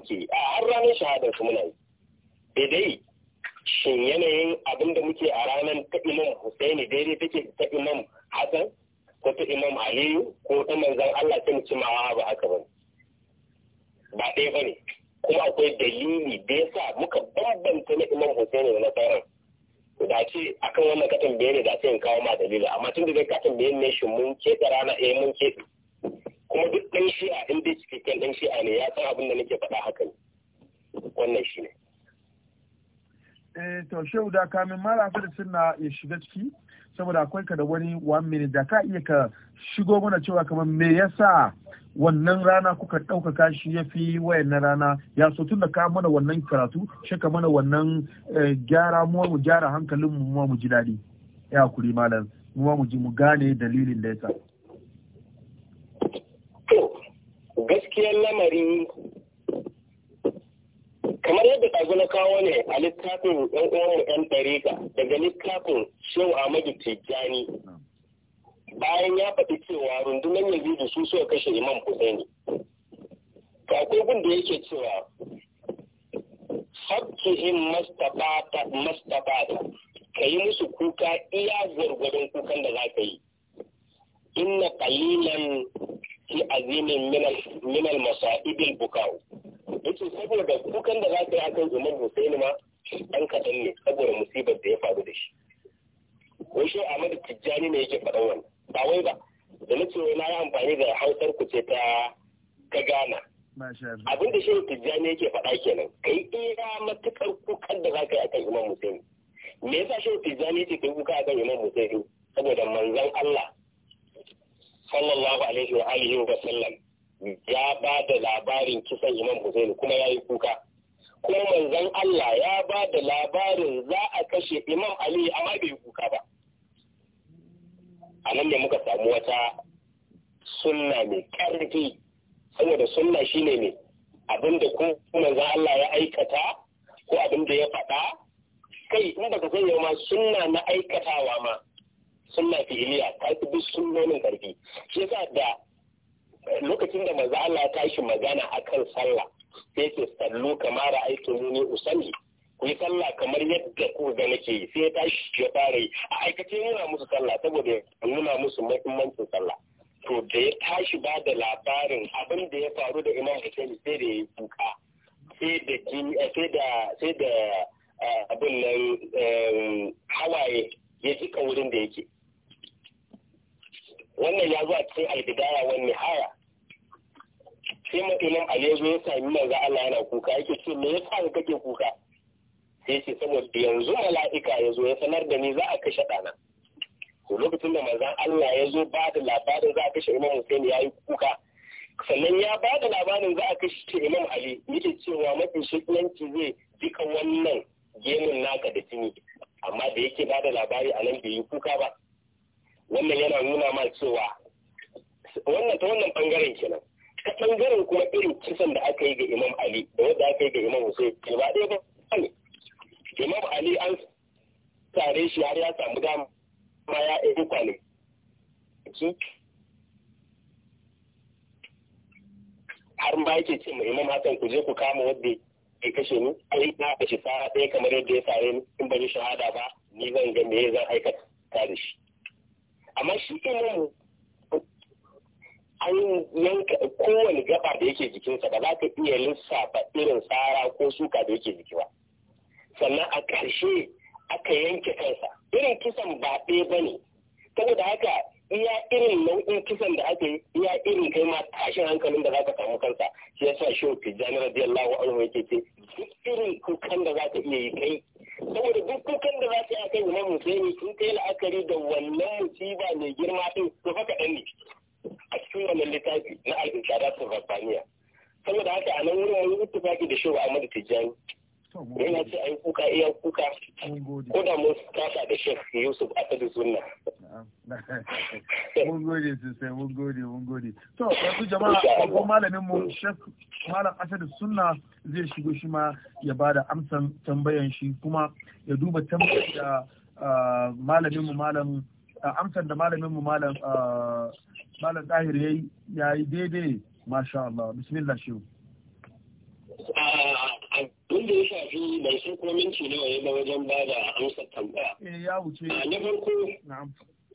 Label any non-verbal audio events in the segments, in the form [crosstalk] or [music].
muke a har ranar shahadar su muna yi cewa mara da na ya shiga ciki saboda akwai ka da wani one minute da ka iya ka shigo mana cewa kamar me yasa wannan rana kuka ɗaukaka shi ya fi wayannan rana ya so tun da ka mana wannan karatu shi ka mana wannan eh, gyara mu mu gyara hankalin mu mu ji daɗi ya kuri malam mu mu ji mu gane dalilin da yasa in ba yake ce mai imam matan ku je ku kama wanda ya kashe ni ai na kashe fara ɗaya kamar yadda ya sare ni in ban shahada ba ni zan ga me zan aikata da shi amma shi imam an yanka kowane gaba da yake jikinsa ba za ka iya lissafa irin tsara ko suka da yake jiki ba sannan a ƙarshe aka yanke kansa irin kisan ba ɗaya ba ne saboda haka iya irin nau'in kisan da ake iya irin kai ma tashin hankalin da zaka samu kansa shi yasa shi tijjani radiyallahu anhu yake ce duk irin kukan da zaka iya yi kai saboda duk kukan da zaka yi akan imam musaini sun kai la'akari da wannan musiba mai girma din to fa kaɗan ne a cikin wannan littafi na al-isharat rabbaniya saboda haka a nan wurin wani ittifaki da shehu Ahmadu Tijjani yana ce a yi kuka iya kuka ko da mun kasa da shek yusuf a tsadi sunna [laughs] mun gode sosai mun gode mun gode to yanzu jama'a babban malamin mu shek malam asadu sunna zai shigo shi ma ya bada amsan tambayan shi kuma ya duba tambayar da ah, malamin mu malam ah, amsan da malamin mu malam ah, malam dahir yayi yayi daidai masha Allah bismillah shehu wanda ya shafi ban san kuma minti nawa ya ba wajen ba da amsa tambaya. Eh, ya wuce. Ah, na farko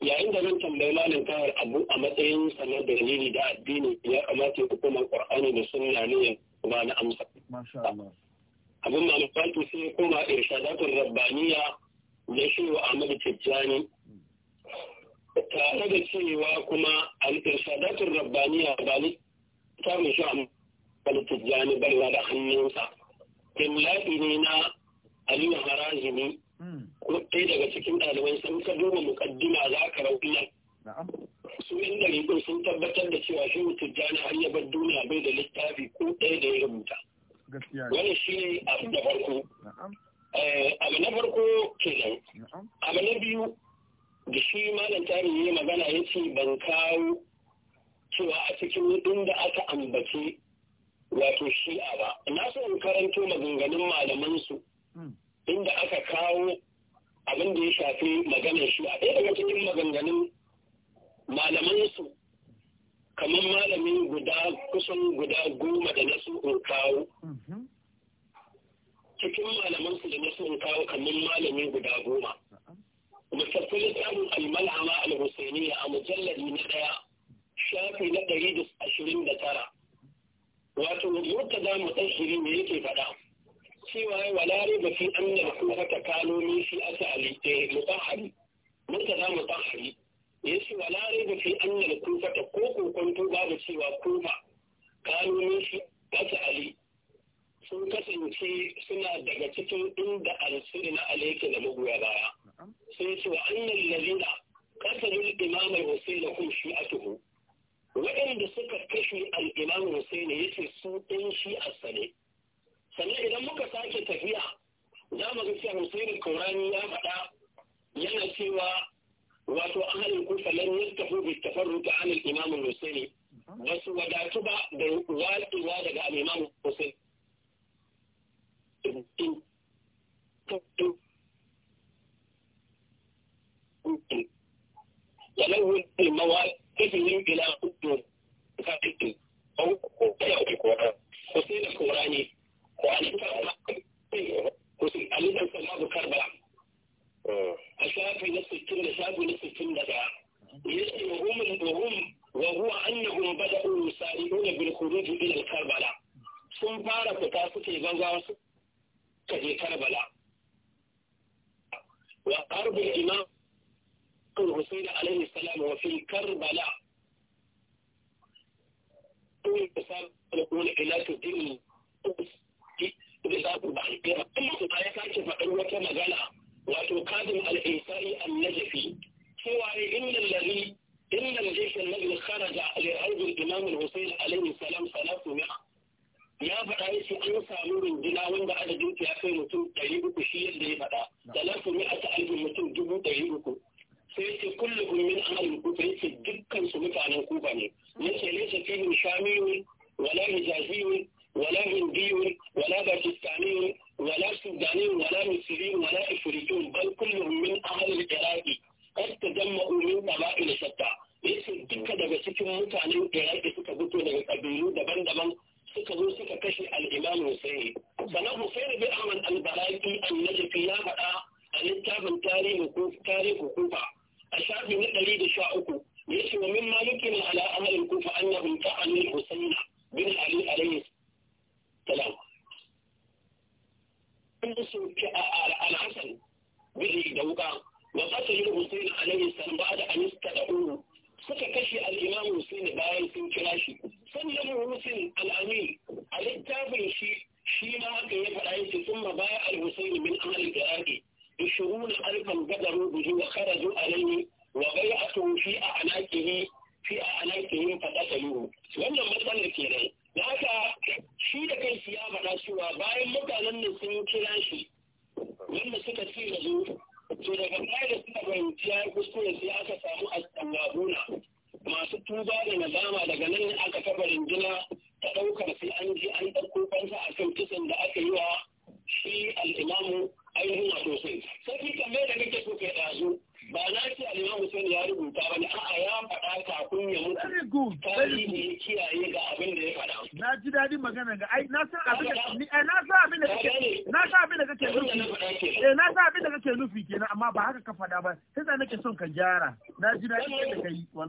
yayin da zan tambayi malam kawar abu a matsayin sanar da dalili da addini ya kamata ya hukumar ƙur'ani da sunna ne ya ba na amsa. Abin mamaki sai ya koma irshadatun rabbaniya da shi wa Ahmadu Tijjani. Tare da cewa kuma al-irshadatun rabbaniya ba littafin shi a Tijjani barna da hannunsa. imla'i ne na aliyu Harazini hmm. ko ɗaya daga cikin ɗaliban sun ka duba mukaddima za ka rauna. nan su yan ɗariƙun sun tabbatar da cewa shi tijjani har ya bar duniya bai da littafi ko ɗaya da ya rubuta wani shi ne abu da farko eh, abu na farko kenan abu na biyu da shi malam tari ya magana ya ce ban kawo cewa a cikin inda aka ambace wato shi'a ba na so in karanto maganganun malamansu hmm. inda aka kawo abin da ya shafi maganar shi'a ɗaya daga cikin maganganun malamansu kamar malamin guda kusan guda goma da na so in kawo mhm. cikin malamansu da na so in kawo kamar malami guda goma uh-huh. mutafi littafin almalhama al-husainiya a mujallari na ɗaya shafi na ɗari da ashirin da tara wato murtaza mutashiri ne yake faɗa cewa wala riba fi anna al-kufa kalumi fi asali eh mutahhari murtaza mutahhari yace wala riba fi anna al-kufa ko kokonto babu cewa kufa kalumi fi asali sun kasance suna daga cikin inda al-sirri na alayka da magoya baya sai ce wa annal ladina qatalul imam al-husayn kun shi'atuhu waɗanda suka kashe al'imamu Hussein ya ce su ɗan shi a sane. Sannan idan muka sake tafiya, za mu ga cewa Hussein Kaurani ya faɗa yana cewa wato ahalin kufa lan yastahu bi ruta an al’imamu imam Hussein ba su wadatu ba da watsuwa daga al’imamu imam Hussein. Yalan mawaƙi tó sì wí ìgbéláwó tó dùn ìfàkìtò ọwọ́ kókó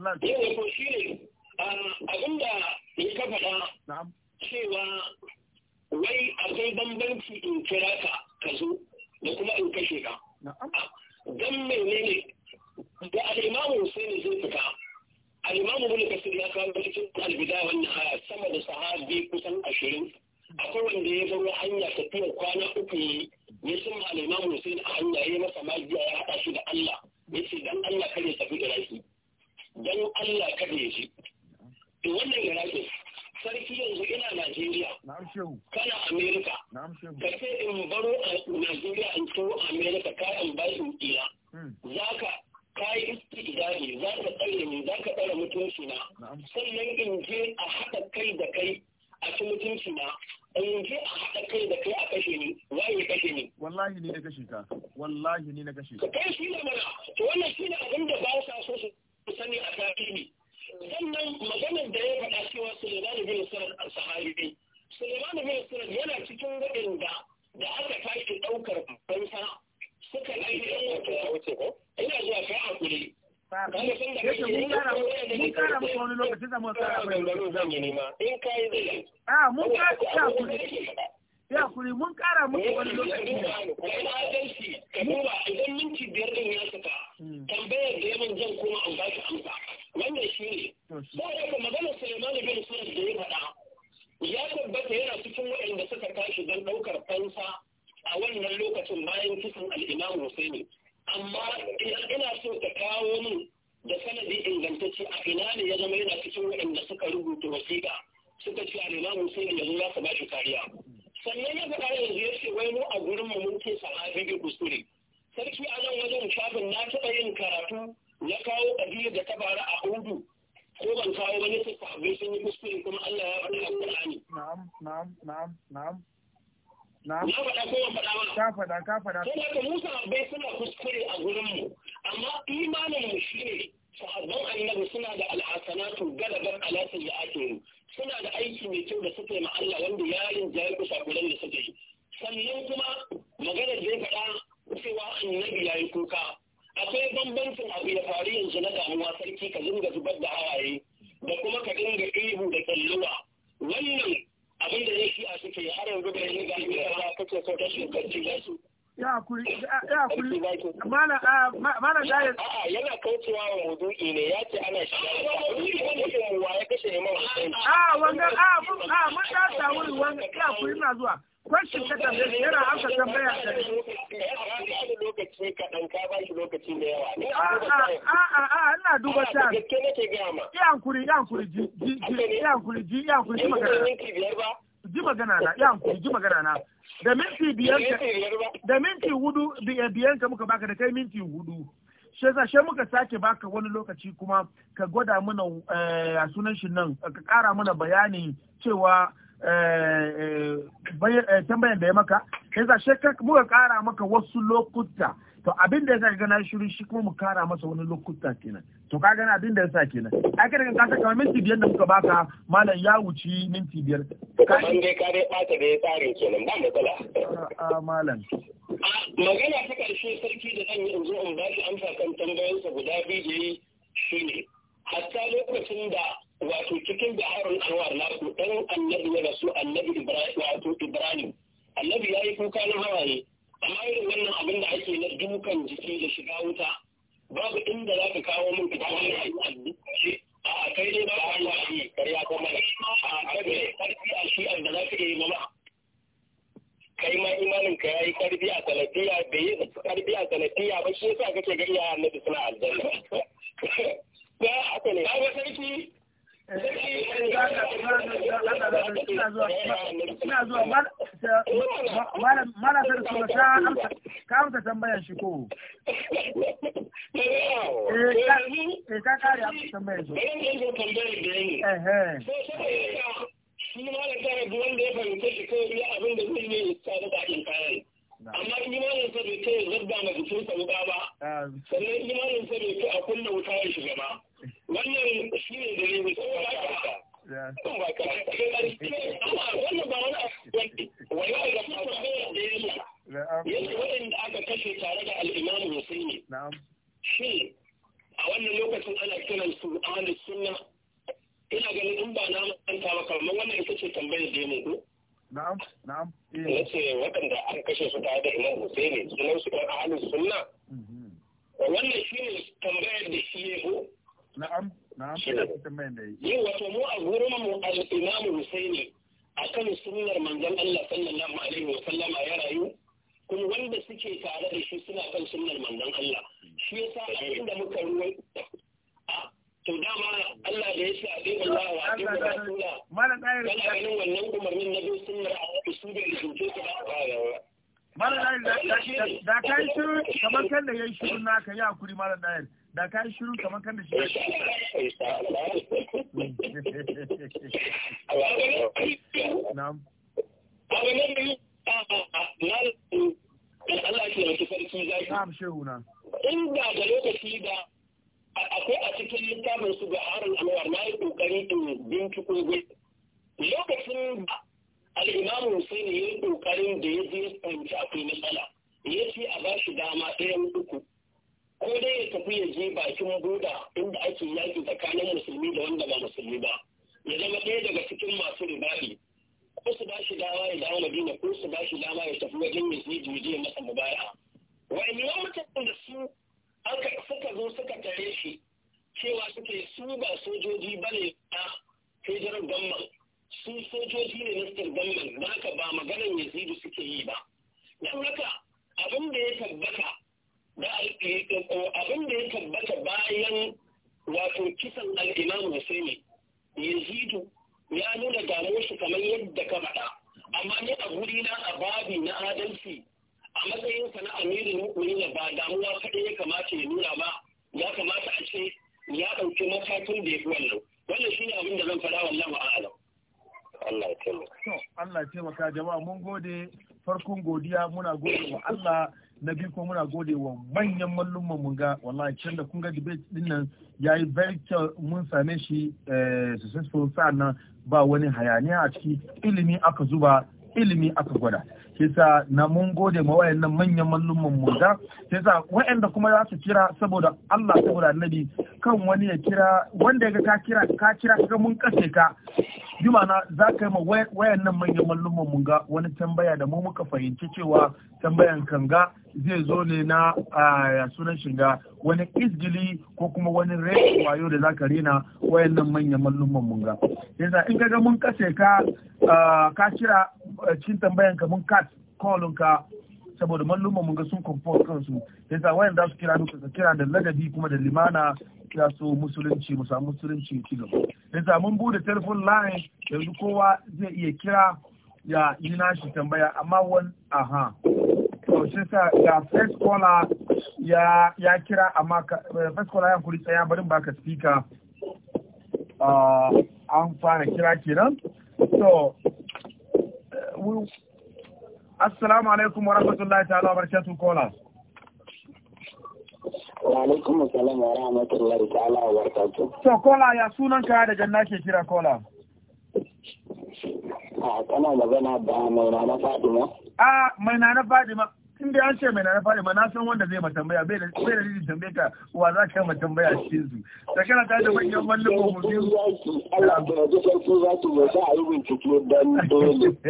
náà. na kashe kai shi ne mana to wannan shi ne abin da ba sa so su sani a tarihi sannan maganar da ya faɗa cewa Sulaiman bin Sarar al ne. Sulaiman bin Sarar yana cikin waɗanda da aka tashi ɗaukar fansa suka ainihin wato a wuce ko ina zuwa kai a kuri ah, mun kara muku wani lokacin da mun kara maka kai zai mun kara wani lokacin da mun kara muku wani lokacin faɗa ka faɗa. Sai da Musa bai suna kuskure a gurinmu. mu. hankuri ji ya hankuri ji ya hankuri ji magana ji magana na ya hankuri ji magana na da minti biyar da minti hudu eh, biyar ka muka baka da kai minti hudu shi za shi muka sake baka wani lokaci kuma ka gwada mana eh, a sunan shi nan ka kara mana bayani cewa eh, tambayan da ya maka za shi muka kara maka wasu lokuta to abin da yasa ga na shiru shi kuma mu kara masa wani lokuta kenan to ka gana abin da yasa kenan ai kada ka saka minti biyar da muka baka malam ya wuce minti biyar ka shi dai ka dai bata da ya tsare kenan ba matsala a malam magana ta karshe sarki da zan yi in zo in ba shi amsa kan tambayoyinsa guda biyu da yi shine hatta lokacin da wato cikin da harun anwar na ku dan annabi ya rasu annabi ibrahim wato ibrahim annabi ya yi kuka na hawaye amma irin wannan abin da ake na dukan jiki da shiga wuta babu inda za ka kawo min ka kawo min a kai dai ba a yi karya ko mana a kai ne karfi a shi da za ka yi mama kai ma imanin ka yayi karfi a salafiya da yi karfi a salafiya ba shi yasa kake ga iyayen na suna aljanna [laughs] ba haka ne ba sarki ina zuwa mara sai su ta amsa ka amsa tambayan shi ko eh ka kare amsa tambayan shi eh shi ma da kare wanda ya fahimce shi ko ya abin da zai yi ya tsara da kayan amma imanin sa bai kai zabba na jikin sa wuka ba sannan imanin sa bai kai a kunna wuta ya shiga ba wannan shi ne da ne saboda wannan ba wani wallahi da kuma da yake ba waɗanda aka kashe tare da al'imamu ne. na'am na'am eh. ce waɗanda an kashe su tare da imam husaini sunan su ɗan ahalin sunna mhm. wannan shi ne tambayar da shi na'am na'am wato mu a gurin mu al-imam husaini kan da yayi shirin naka ya kuri malam dayar da ka yi shirin kamar kan da shi na'am Allah yi sarki zai na'am shehu na inda da lokaci da muna gode wa Allah na biyu kuma muna gode wa manyan mallumman mun ga wallahi can da kun ga debate din nan yayi very mun same shi eh, successful nan ba wani hayaniya a ciki ilimi aka zuba ilimi aka gwada kisa na mun gode ma wayannan manyan mallumman mu da kisa wayanda kuma za su kira saboda Allah saboda Annabi kan wani ya kira wanda ga ka kira ka kira ka mun kace ka juma na za ka yi ma wayannan manyan mallumman mu ga wani tambaya da mu muka fahimci cewa tambayan kanga zai zo ne na ah, sunan shiga wani izgili ko kuma wani rai wayo da za zaka rena wayannan manyan mallumman mun ga yanzu in ga mun kashe ka ka kira cikin tambayan ka mun cut callin ka saboda mallumman mun ga sun comfort kansu yanzu wayan za su kira duka ka kira da ladabi kuma da limana ya so musulunci mu samu musulunci ci gaba yanzu mun bude telephone line yanzu kowa zai iya kira ya yi nashi tambaya amma wani aha to shi sa ga first caller ya ya kira amma eh, first caller ya kuri tsaya barin baka speaker uh, an fara kira kenan so uh, assalamu alaikum wa rahmatullahi ta'ala wa barakatuh caller wa alaikum assalam wa rahmatullahi ta'ala wa barakatuh so caller ya sunan ka da janna ke kira caller a ah, kana magana da mai na Fadima a ah, mai na Fadima in dai an ce mai na fari ma na san wanda zai matambaya bai da bai da zai tambaye ka wa za ka matambaya cikin su da kana ta da manyan mallakon mu biyu Allah da ya farko za su ba sa a yi bincike dan dole [laughs]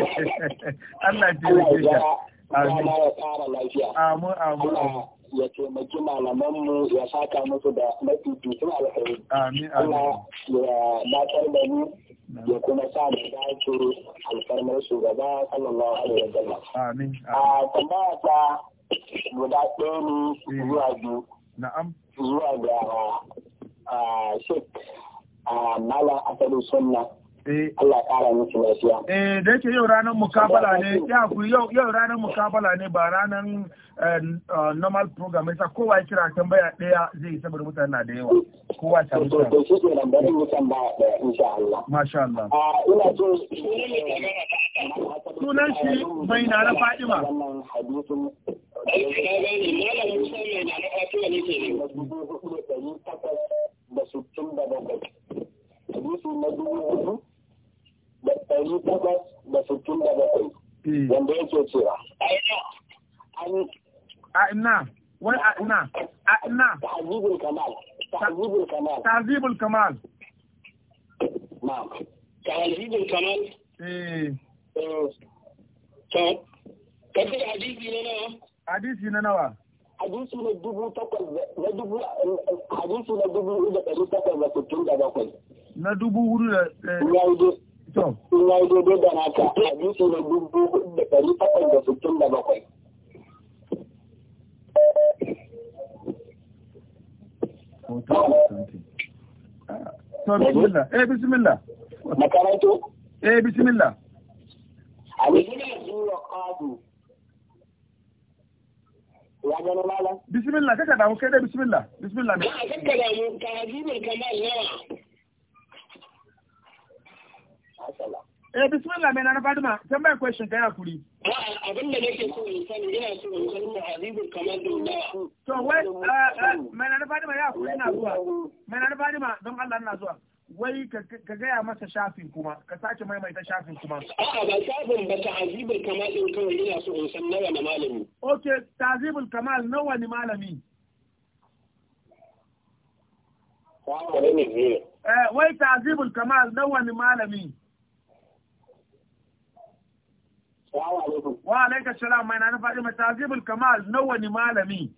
Allah ya ji ka Amin. Amin. ya taimaki malamanmu ya saka musu da mafificin alkhairi. Amin. Allah ya dakar da mu ya kuma sa da dace alfarmar shugaba sallallahu alaihi wa sallam. Amin. A tambaya ta guda ɗaya ne eh. zuwa biyu. Na'am. Zuwa ga Sheikh Malam Asadu Sunna. Eh. Allah Eh da yake yau ranar mukabala ne ya yau yau ranar mukabala ne ba ranar eh, normal program yasa kowa ya kira tambaya daya zai yi saboda mutane na da yawa. Kowa ta musu. To shi ke nan bari insha Allah. Masha Allah. Ah, ina so sunan shi mai na na Fatima. Da da na dubu da ɗari takwas da sittin da bakwai. Wanda yake cewa. A ina. Wai a ina. A ina. Tazibul Kamal. Tazibul Kamal. Tazibul Kamal. Tazibul Kamal. To. Kace hadisi na nawa? Hadisi na nawa? Hadisi na dubu takwas na dubu hadisi na dubu da ɗari takwas da sittin da bakwai. Na dubu hudu da. ɗari To. Sun ya yi daidai da naka hadisi na dubu da ɗari takwas da sittin da bakwai. To bismillah. Eh bismillah. Makarantu? Eh bismillah. Alhamdulillah zuwa kadu. Ya gano malam? Bismillah kaka damu kai da bismillah. Bismillah ne. Kaka damu ka ji ne kamar yawa. Eh bismillah mai Fatima question kai hakuri. Abin da nake so in sani so in san To wai eh, eh, mai Fatima ya hakuri zuwa. Mai Fatima don Allah ina zuwa. Wai ka gaya masa shafin kuma ka sace maimaita shafin kuma. A'a ba shafin ba ta Kamal din kawai so in san nawa na malami. Okay Kamal nawa ne eh, malami? Wai Tazibul Kamal nawa ne malami? Wa alaika salam mai na faɗi mai tazibul kamal nawa wani malami.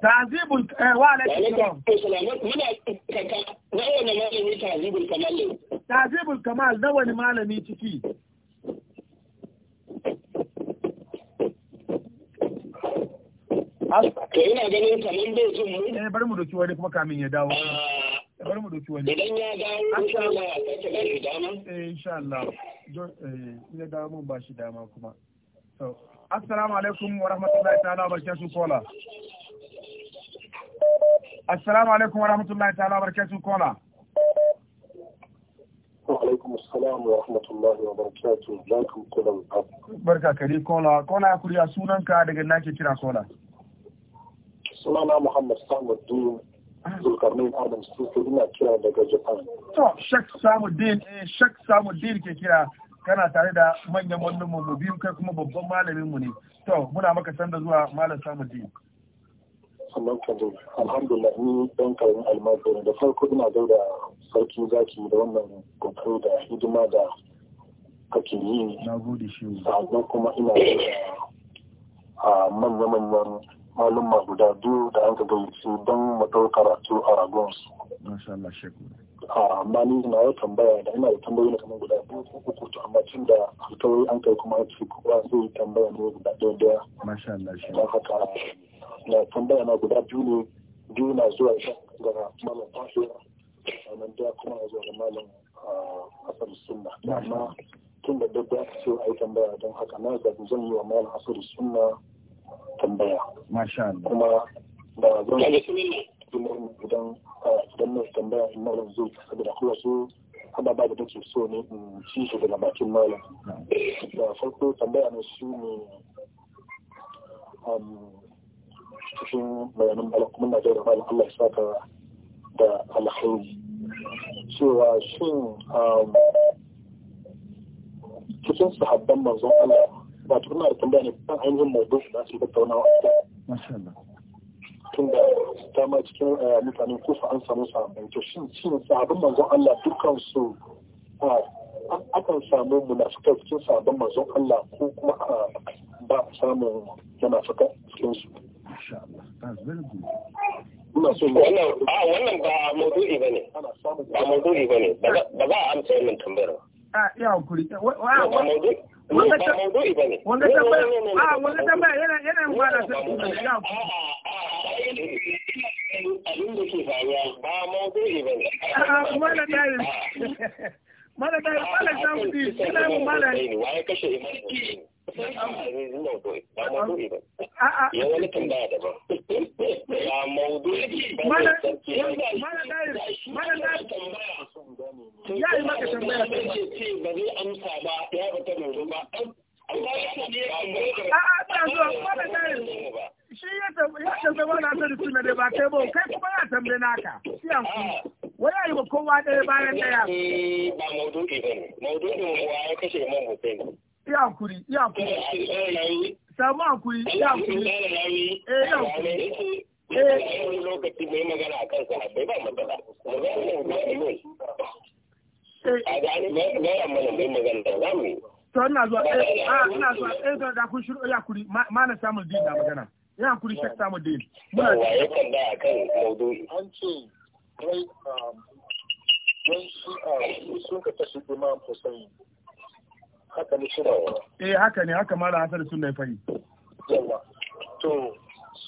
Tazibul eh, wa alaika salam. Tazibul kamal na wani malami ciki. To ina ganin kamar bai jin mu. Eh bari mu doki wani kuma kamin ya dawo. Ah, bari mu doki wani idan ya Allah sake ba shi dama eh insha Allah eh, ya dawo mun wa rahmatullahi ta'ala wa barakatuh wa rahmatullahi ta'ala wa barakatuh kola alaikum assalam wa rahmatullahi wa barakatuh kulan barka kare kola kola ya kuriya sunanka daga nake kira kola sunana muhammad Ah. zulkarnin adam su ina kira daga japan to eh, ke kira kana tare da manyan wannan mu biyu kai kuma babban malamin mu ne to muna maka sanda zuwa malam zo alhamdulillah ni dan karin almajiri da farko ina da sarki zaki da wannan kokari da hidima da kake yi na gode shi kuma ina da ah, manya-manyan malin guda biyu da an ka su don mu karatu a ragon su. Masha Allah shekku. Ah, na yau tambaya da ina da tambayoyi kamar guda biyu ko uku to amma tun da hutawai an kai kuma ci kowa zai tambaya ne guda ɗaya ɗaya. Masha Don haka na tambaya na guda biyu ne biyu na zuwa ga malam tafiya nan da kuma na zuwa ga malam Hassan ah, Sunna. Amma tun da dabba ka ce a yi tambaya don haka na zaɓi zan yi wa malam Hassan Sunna tambaya masha Allah kuma ba zan idan idan mai tambaya in malam zai saboda kuma su ababa da take so ne in ci shi daga bakin malam da farko tambaya na shi ne cikin bayanan malam kuma na da malam Allah ya saka da alkhairi cewa shin cikin sahabban manzon Allah ba tukuna da tambaya ne ban ainihin maudu'in da su tattaunawa tun da ta ma cikin eh, mutanen kufa an samu sahabbai to shin shin sahabban manzon Allah dukkan su akan samu munafikai cikin sahabban manzon Allah ko kuma ba a samu munafikai cikin su wannan ba maudu'i bane ba maudu'i bane ba za a amsa wannan tambayar ba ah, wanda tambaya yana yana su ya A da ke faruwa ba maudu'i ba ne wanda ta yi A ta yi mana ta yi mana ta yi mana ta Ya wani tambaya Ya Ya Ba da ba ya ya ya A'a, ta zo, mana ya ya ya kowa ɗaya bayan ɗaya. Ba maudu'i ba ne. Maudu'in wa ya kashe man Hussein. ya kwuri ya kwuri samu hankuri ya kwuri Ee. a kansa ya kwuri Ee. na samu din da magana ya kuri shek samu din muna da ya kan da an ce wai sun ka tashi imam Hussein haka ne suna yawa eh haka ne haka mala hasar suna ya fahim. yawa to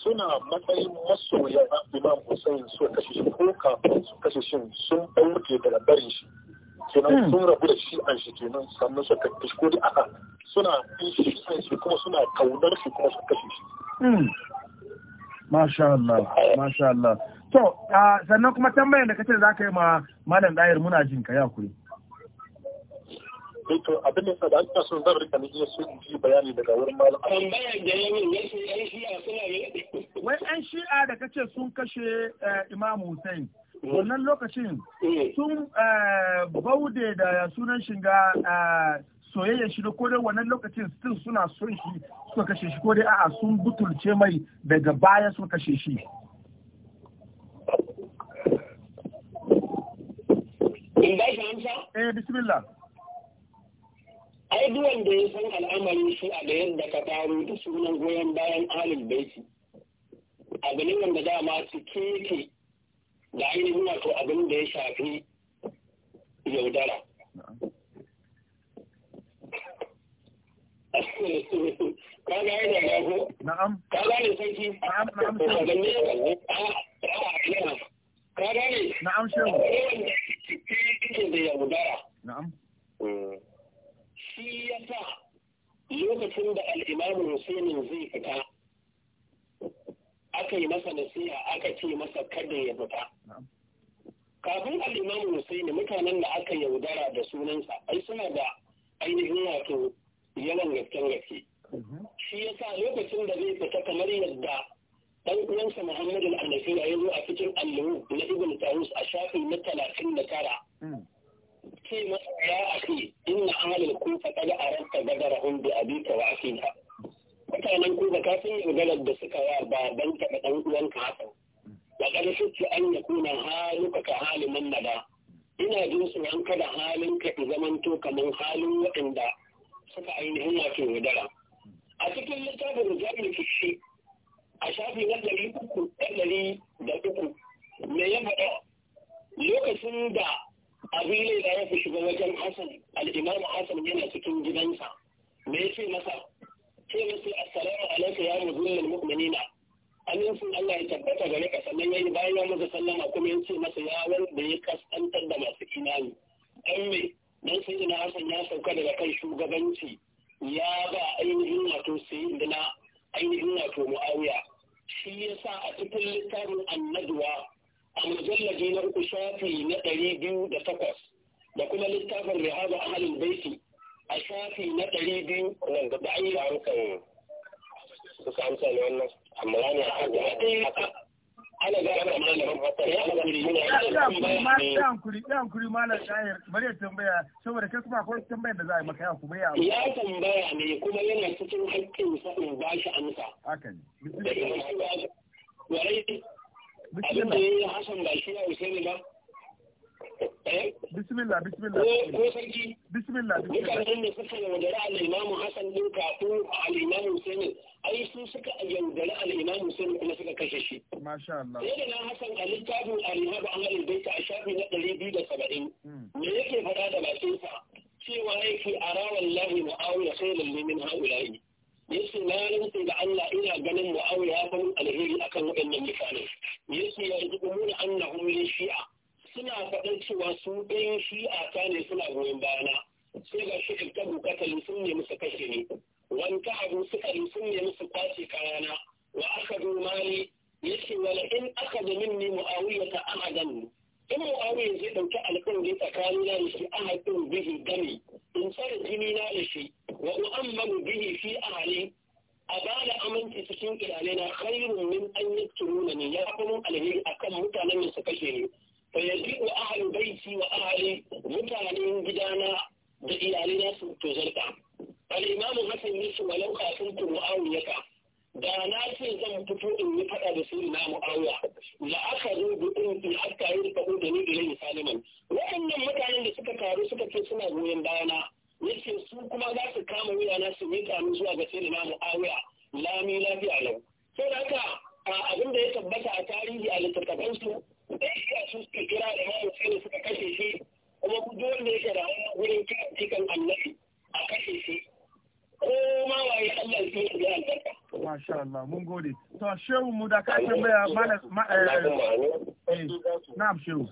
suna matsayin masoya imam hussein su kashe shi ko kafin su kashe shi sun ɗauke daga barin shi kenan hmm. sun rabu da shi an shi kenan sannan su kashe shi ko da aka suna bin shi sai shi kuma suna kaunar shi kuma su kashe shi hmm. masha Allah masha Allah to ah, sannan kuma tambayar da kace za ka yi ma malam dayar muna jin ka ya kuri Eh, to rika iya so in wai ɗan shi'a da kace sun kashe eh, imam hussein hmm. wannan lokacin hmm. sun eh, baude da sunan shiga soyayya shi ko dai wannan lokacin still suna son shi suka kashe shi ko dai a'a sun butulce mai daga baya suka kashe shi in ba shi amsa eh bismillah ai duk wanda ya san al'amarin shi a da yadda ka faru da sunan goyon bayan ahlul baiti abu ne wanda dama su keke da ainihin wato abin da ya shafi yaudara ka gane da ko na'am ka gane sarki na'am na'am ka ah, ah, ne na'am shehu da yaudara na'am hmm. shi ya sa lokacin da al'imamin Hussein zai fita aka yi masa nasiha aka ce masa kada ya fita. Kafin al'imamin Hussein mutanen da aka yaudara da sunansa ai suna da ainihin wato yawan gasken gaske. Mhm. Shi ya sa lokacin da zai fita kamar yadda ɗan uwansa Muhammadu al ya zo a cikin allu na Ibn Taus a shafi na talatin da tara. Mm. ce masa ya ake inna ahalul kufa kad arasta badarahum bi abika wa akika mutanen kufa ka yi magana da suka wa dan taɓa ɗan uwan ka haka Da ƙarfi ce an yi yakuna haluka ka halin nan na nada ina jin su an kada halin ka halinka zaman to kamar halin waɗanda suka ainihin wato yaudara. A cikin littafin da Rijal Kishi a shafi na ɗari uku ɗari da uku me ya faɗa lokacin da abile da ya fi shiga wajen hasan al'imamu hasan yana cikin gidansa me ya ce masa ce masa assalamu alaikum ya muzullin mu'minina amincin Allah ya tabbata gare ka sannan yayi bayan ya masa sallama kuma ya ce masa ya da ya kasantar da masu imani Ɗan mai dan sai ina hasan ya sauka daga kan shugabanci ya ba ainihin wato sai da na ainihin wato mu'awiya shi ya sa a cikin littafin annaduwa a mujallabi na uku shafi na ɗari biyu da takwas da kuma littafin rihaba ahalin baiti a shafi na ɗari biyu da da an yi da hankan suka amsa ne wannan amma ya ne a haka ana ga ana ma da mafata ya ga ne ne ya hankuri ya hankuri malam shayar bari ya tambaya saboda kai kuma akwai tambayar da za a yi maka ya kuma ya ya tambaya ne kuma yana cikin hakkin sa in ba shi amsa haka ne bismillah eh hasan ba shi ya usaini ba eh? bismillah bismillah ko sarki bismillah bismillah mutanen da suka yaudara al-imam Hassan din kafin al-imam usaini ai su suka yaudara al-imam usaini kuma suka kashe shi masha Allah sai na hasan a littafin al-imam ahlul bait a shafi na 270 hmm. me yake faɗa da bakinsa cewa yake ara wallahi mu'awiya khairul min haula'i yace na rantse da Allah ina ganin Muawiya ya bani alheri akan waɗannan mutane yace ya ji mun annahum li shi'a suna faɗin cewa su ɗayan shi'a ta ne suna goyon bayana sai ga shi ta bukatar sun ne musu kashe ni wanka abu suka sun ne musu kwace kayana wa aka zo mali yace wala in aka da minni Muawiya ta ahadan ina aure zai ɗauki alƙawari tsakanin na shi a haɗin bihi gani in tsara jini na shi wa u'amman bihi fi ahli a ba da aminci cikin iyalai na khairun min an yakturuna ni ya fi mun alheri akan mutanen da suka kashe ni fa a ahli baiti wa hali mutanen na da iyalai na su to zarka al-imam hasan walau kafin tu ka. da na ce zan fito in yi faɗa da su ina mu'awiya shehu mu da ka tambaya malam eh, eh, na'am shehu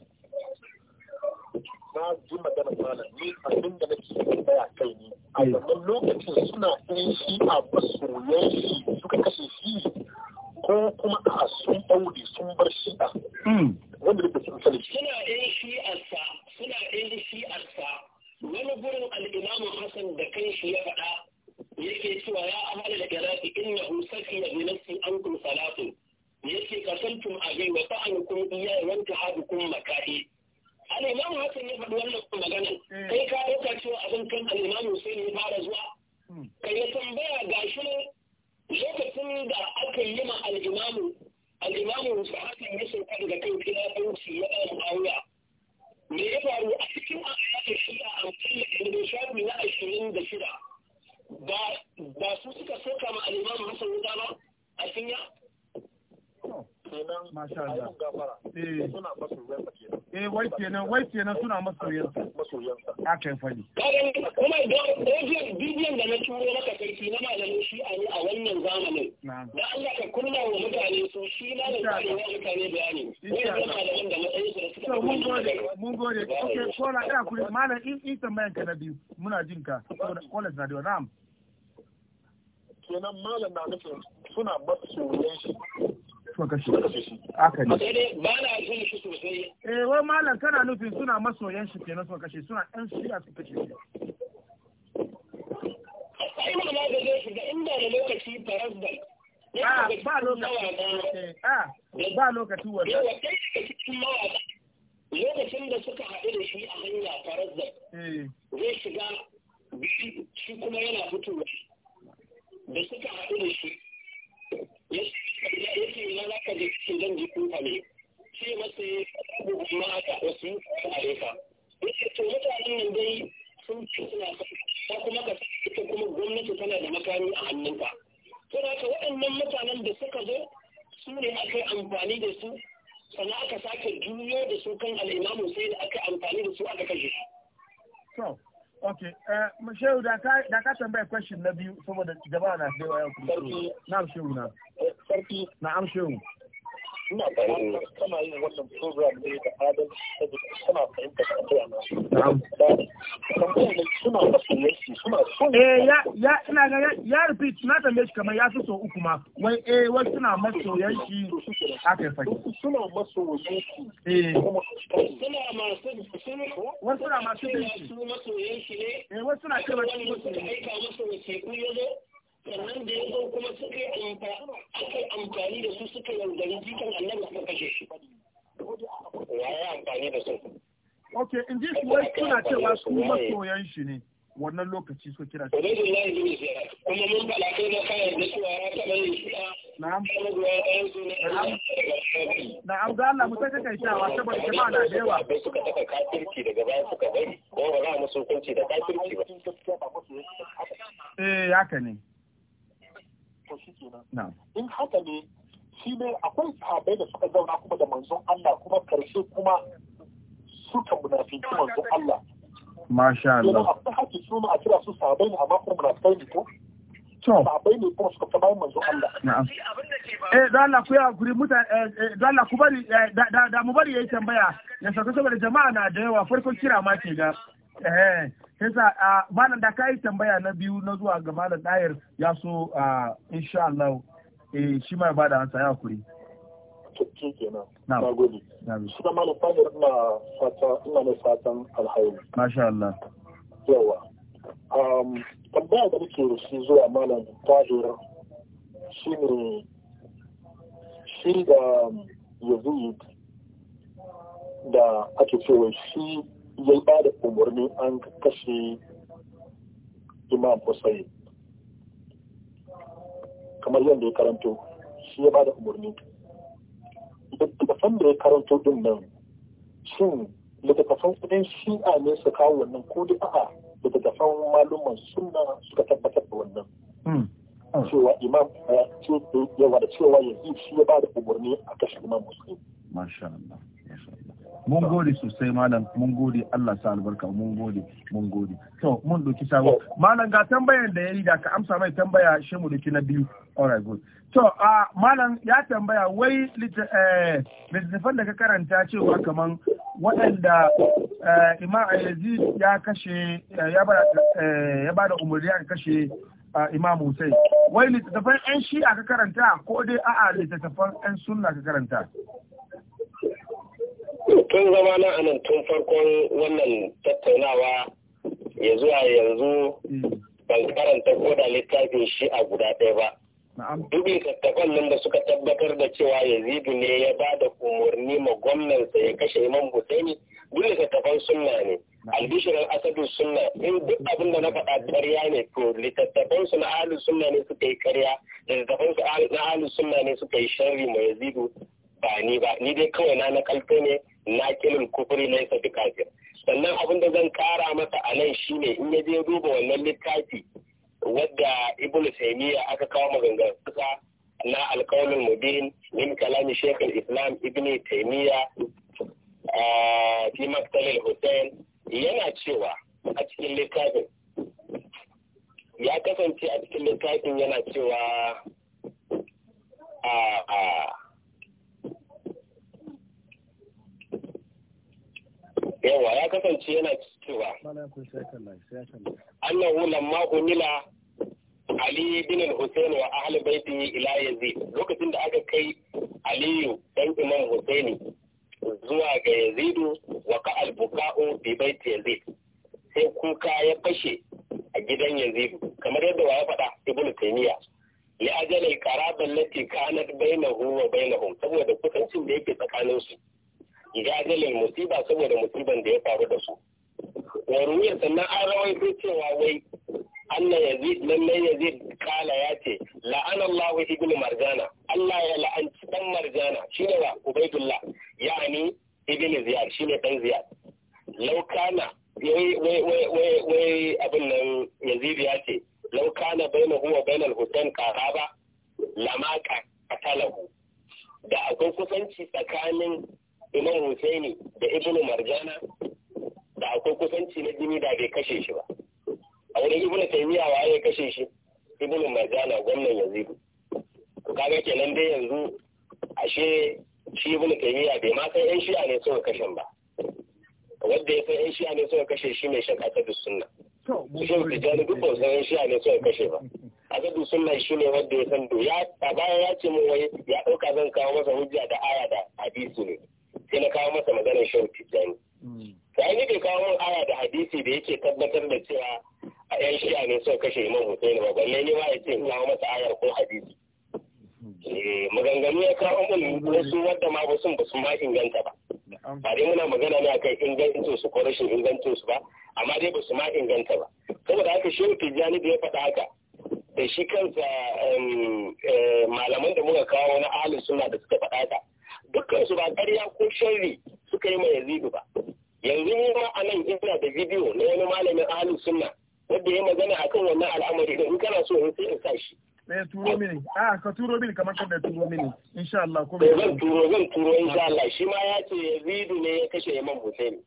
malam in in tambayan na biyu muna jin ka college na da kenan malam na nufin suna ba su shi suka kashe shi ne ba na shi sosai eh wai malam kana nufin suna masoyan shi kenan suka kashe suna ɗan shiya su kashe shi da lokaci ah, eh, ah, ba lokaci ba wanda lokacin da suka haɗu da shi a hanya farar da hmm. zai shiga biyu shi kuma yana fitowa da suka haɗu da shi ya ce na za ka je cikin zan ji kuka ne ce masa ya abubuwan ma'aka wasu yi a reka ya ce to mutanen nan dai sun ce suna ta kuma ka ita kuma gwamnati tana da makami a hannunka. Saboda ka waɗannan mutanen da suka zo su ne aka yi amfani da su sannan aka sake juyo da su kan al'imamu sai da aka amfani da su aka kashe So, ok eh, shehu da ka tambaya question na biyu saboda jama'a na da yau kuma na shehu na eh, sarki na am shehu ina kana yin wannan program ne da adal saboda kana fahimtar tambaya na tambayar ne suna masoyar shi suna so eh ya ya ina ga ya repeat na tambaye shi kamar ya fi so uku ma wai eh wai suna masoyar shi haka ya fahimta suna masoyar shi eh suna masu wasu suna shi eh, wasu suna cewa shi wasu ne sannan da ya zo kuma suka yi amfani da su suka yaudari jikin annabi suka kashe shi ya yi amfani da su ok in ji su wai suna cewa su masoyan shi ne wannan lokaci so kira shi. Wani zuwa yi ne kuma mun faɗa na kayan da cewa ya taɓa yin shi na Na'am na Allah mu kai shawa saboda jama'a na da yawa. Bai suka kafirci daga baya suka bari ko to shi kenan in haka ne shi ne akwai sahabbai da suka zauna kuma da manzon Allah kuma karshe kuma suka munafinci manzon Allah Masha Allah. Yana abin haƙi su ma a kira su sahabbai ne amma kuma munafikai ne ko? To. Sahabbai ne kuma suka tabayin manzon Allah. Na'am. Eh da Allah ku ya guri mutane eh, eh da Allah ku bari eh, da mu bari yayi tambaya. Ya saka saboda jama'a na da yawa farkon kira ma ke ga. eh yasa malam da kai tambaya na biyu na zuwa ga malam ɗayar ya so insha Allah eh shi mai bada ansa ya kuri cikin kenan na gode shi da malam fadar ina fata ina mai fatan alhairi masha Allah yawa um tambaya da muke da shi zuwa malam fadar shine shi da yazid da ake cewa shi ya ba da umarni an kashe imam Hussein kamar yadda ya karanto shi ya ba da umarni littattafan da ya karanto din nan shin littattafan kudin a ne su kawo wannan ko da a'a littattafan malumman suna suka tabbatar da wannan hmm. cewa imam ya eh, ce eh, yawa da cewa yanzu shi ya ba da umarni a kashe imam Hussein. mun gode sosai malam mun gode Allah sa albarka mun gode mun gode to mun doki sabo malam ga tambayar da yayi da ka amsa mai tambaya shi mu doki na biyu right good to a malam ya tambaya wai eh, littattafan da ka karanta cewa kaman waɗanda eh, imam yazid ya kashe eh, ya ba da umarni ya kashe imam Hussein wai littattafan 'yan shi'a ka karanta ko dai a'a littattafan 'yan sunna ka karanta tun zama na anan tun farkon wannan tattaunawa ya zuwa yanzu ban karanta ko da littafin shi a guda ɗaya ba. Duk littattafan nan da suka tabbatar da cewa Yazidu ne ya ba da umarni ma gwamnansa ya kashe Imam Hussaini duk littattafan sunna ne. Albishirar Asadu sunna in duk abin da na faɗa ƙarya ne to littattafan su na ahlu sunna ne suka yi ƙarya littattafan su na ahlu sunna ne suka yi sharri ma Yazidu ba ni ba ni dai kawai na nakalto ne Na nakilin kufuri na yasa kafir sannan abin da zan kara masa a nan shi ne. in ya je duba wannan littafi wadda ibn taymiya aka kawo kusa na alkaunin mubin min kalami shekh islam ibn taymiya eh, fi maktalil hussein yana cewa a cikin littafin ya kasance a cikin littafin yana cewa a ah, ah, yawa ya kasance yana cewa annahu lamma umila ali bin al-husayn wa ahli baiti ila yazid lokacin da aka kai aliyu dan imam husaini zuwa ga yazidu wa ka al-buka'u bi baiti yazid sai kuka ya fashe a gidan yazidu kamar yadda wa ya faɗa ibnu taymiya li ajali qaraban lati kanat bainahu wa bainahum saboda kusancin da yake tsakaninsu su gagalin musiba saboda musiban da ya faru da su warwiyar sannan an rawaito cewa wai anna yazid lallai yazid kala ya ce la'an allah ibnu marjana allah ya la'anci dan marjana ne wa ubaidullah ya'ani ibnu ziyar shi ne dan ziyar Allah kuma eh, zan turo zan turo insha Allah shi ma ya ce Yazidu ne ya kashe Imam Hussein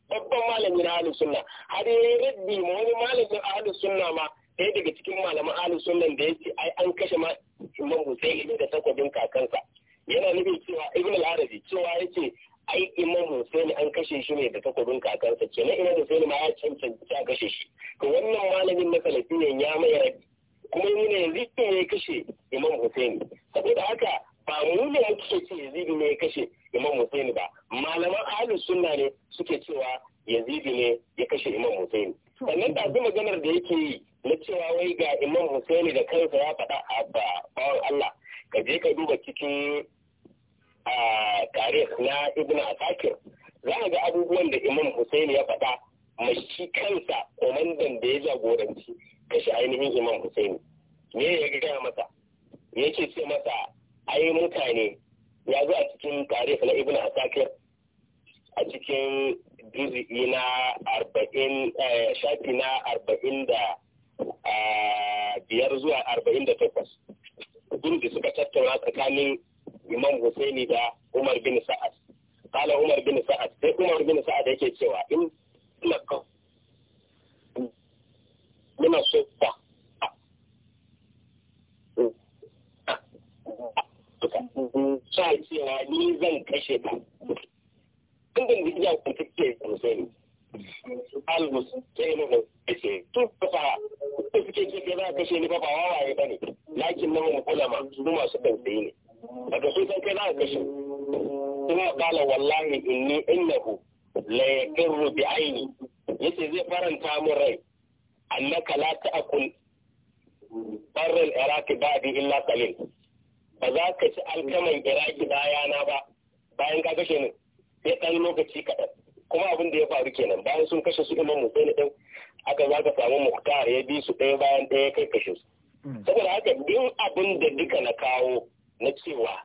saboda haka duk abin da duka na kawo na cewa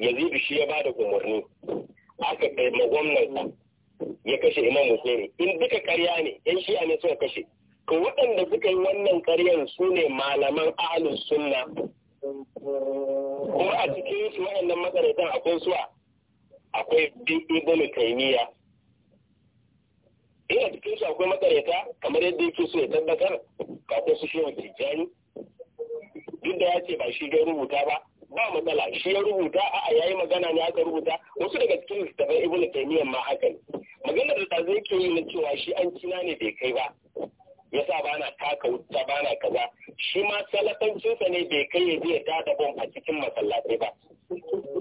yazidu shi ya bada umarni aka kai ma gwamnan ya kashe imam Hussein in duka karya ne yan shi'a ne suka kashe to waɗanda suka yi wannan karyan su ne malaman ahlus sunna kuma a cikin su waɗannan matsaratan akwai suwa akwai ibn taymiya ina cikin su akwai matsarata kamar yadda yake so ya tabbatar kafin su shi shehu tijjani duk ya ce ba shi ya rubuta ba ba matsala shi ya rubuta a'a yi magana ne aka rubuta wasu daga cikin littafin ibnu taymiyyah ma haka ne maganar da tazo yake yi na cewa shi an cina ne bai kai ba yasa bana taka wuta bana kaza shi ma salafancinsa ne bai kai ya je ta da bom a cikin masallatai ba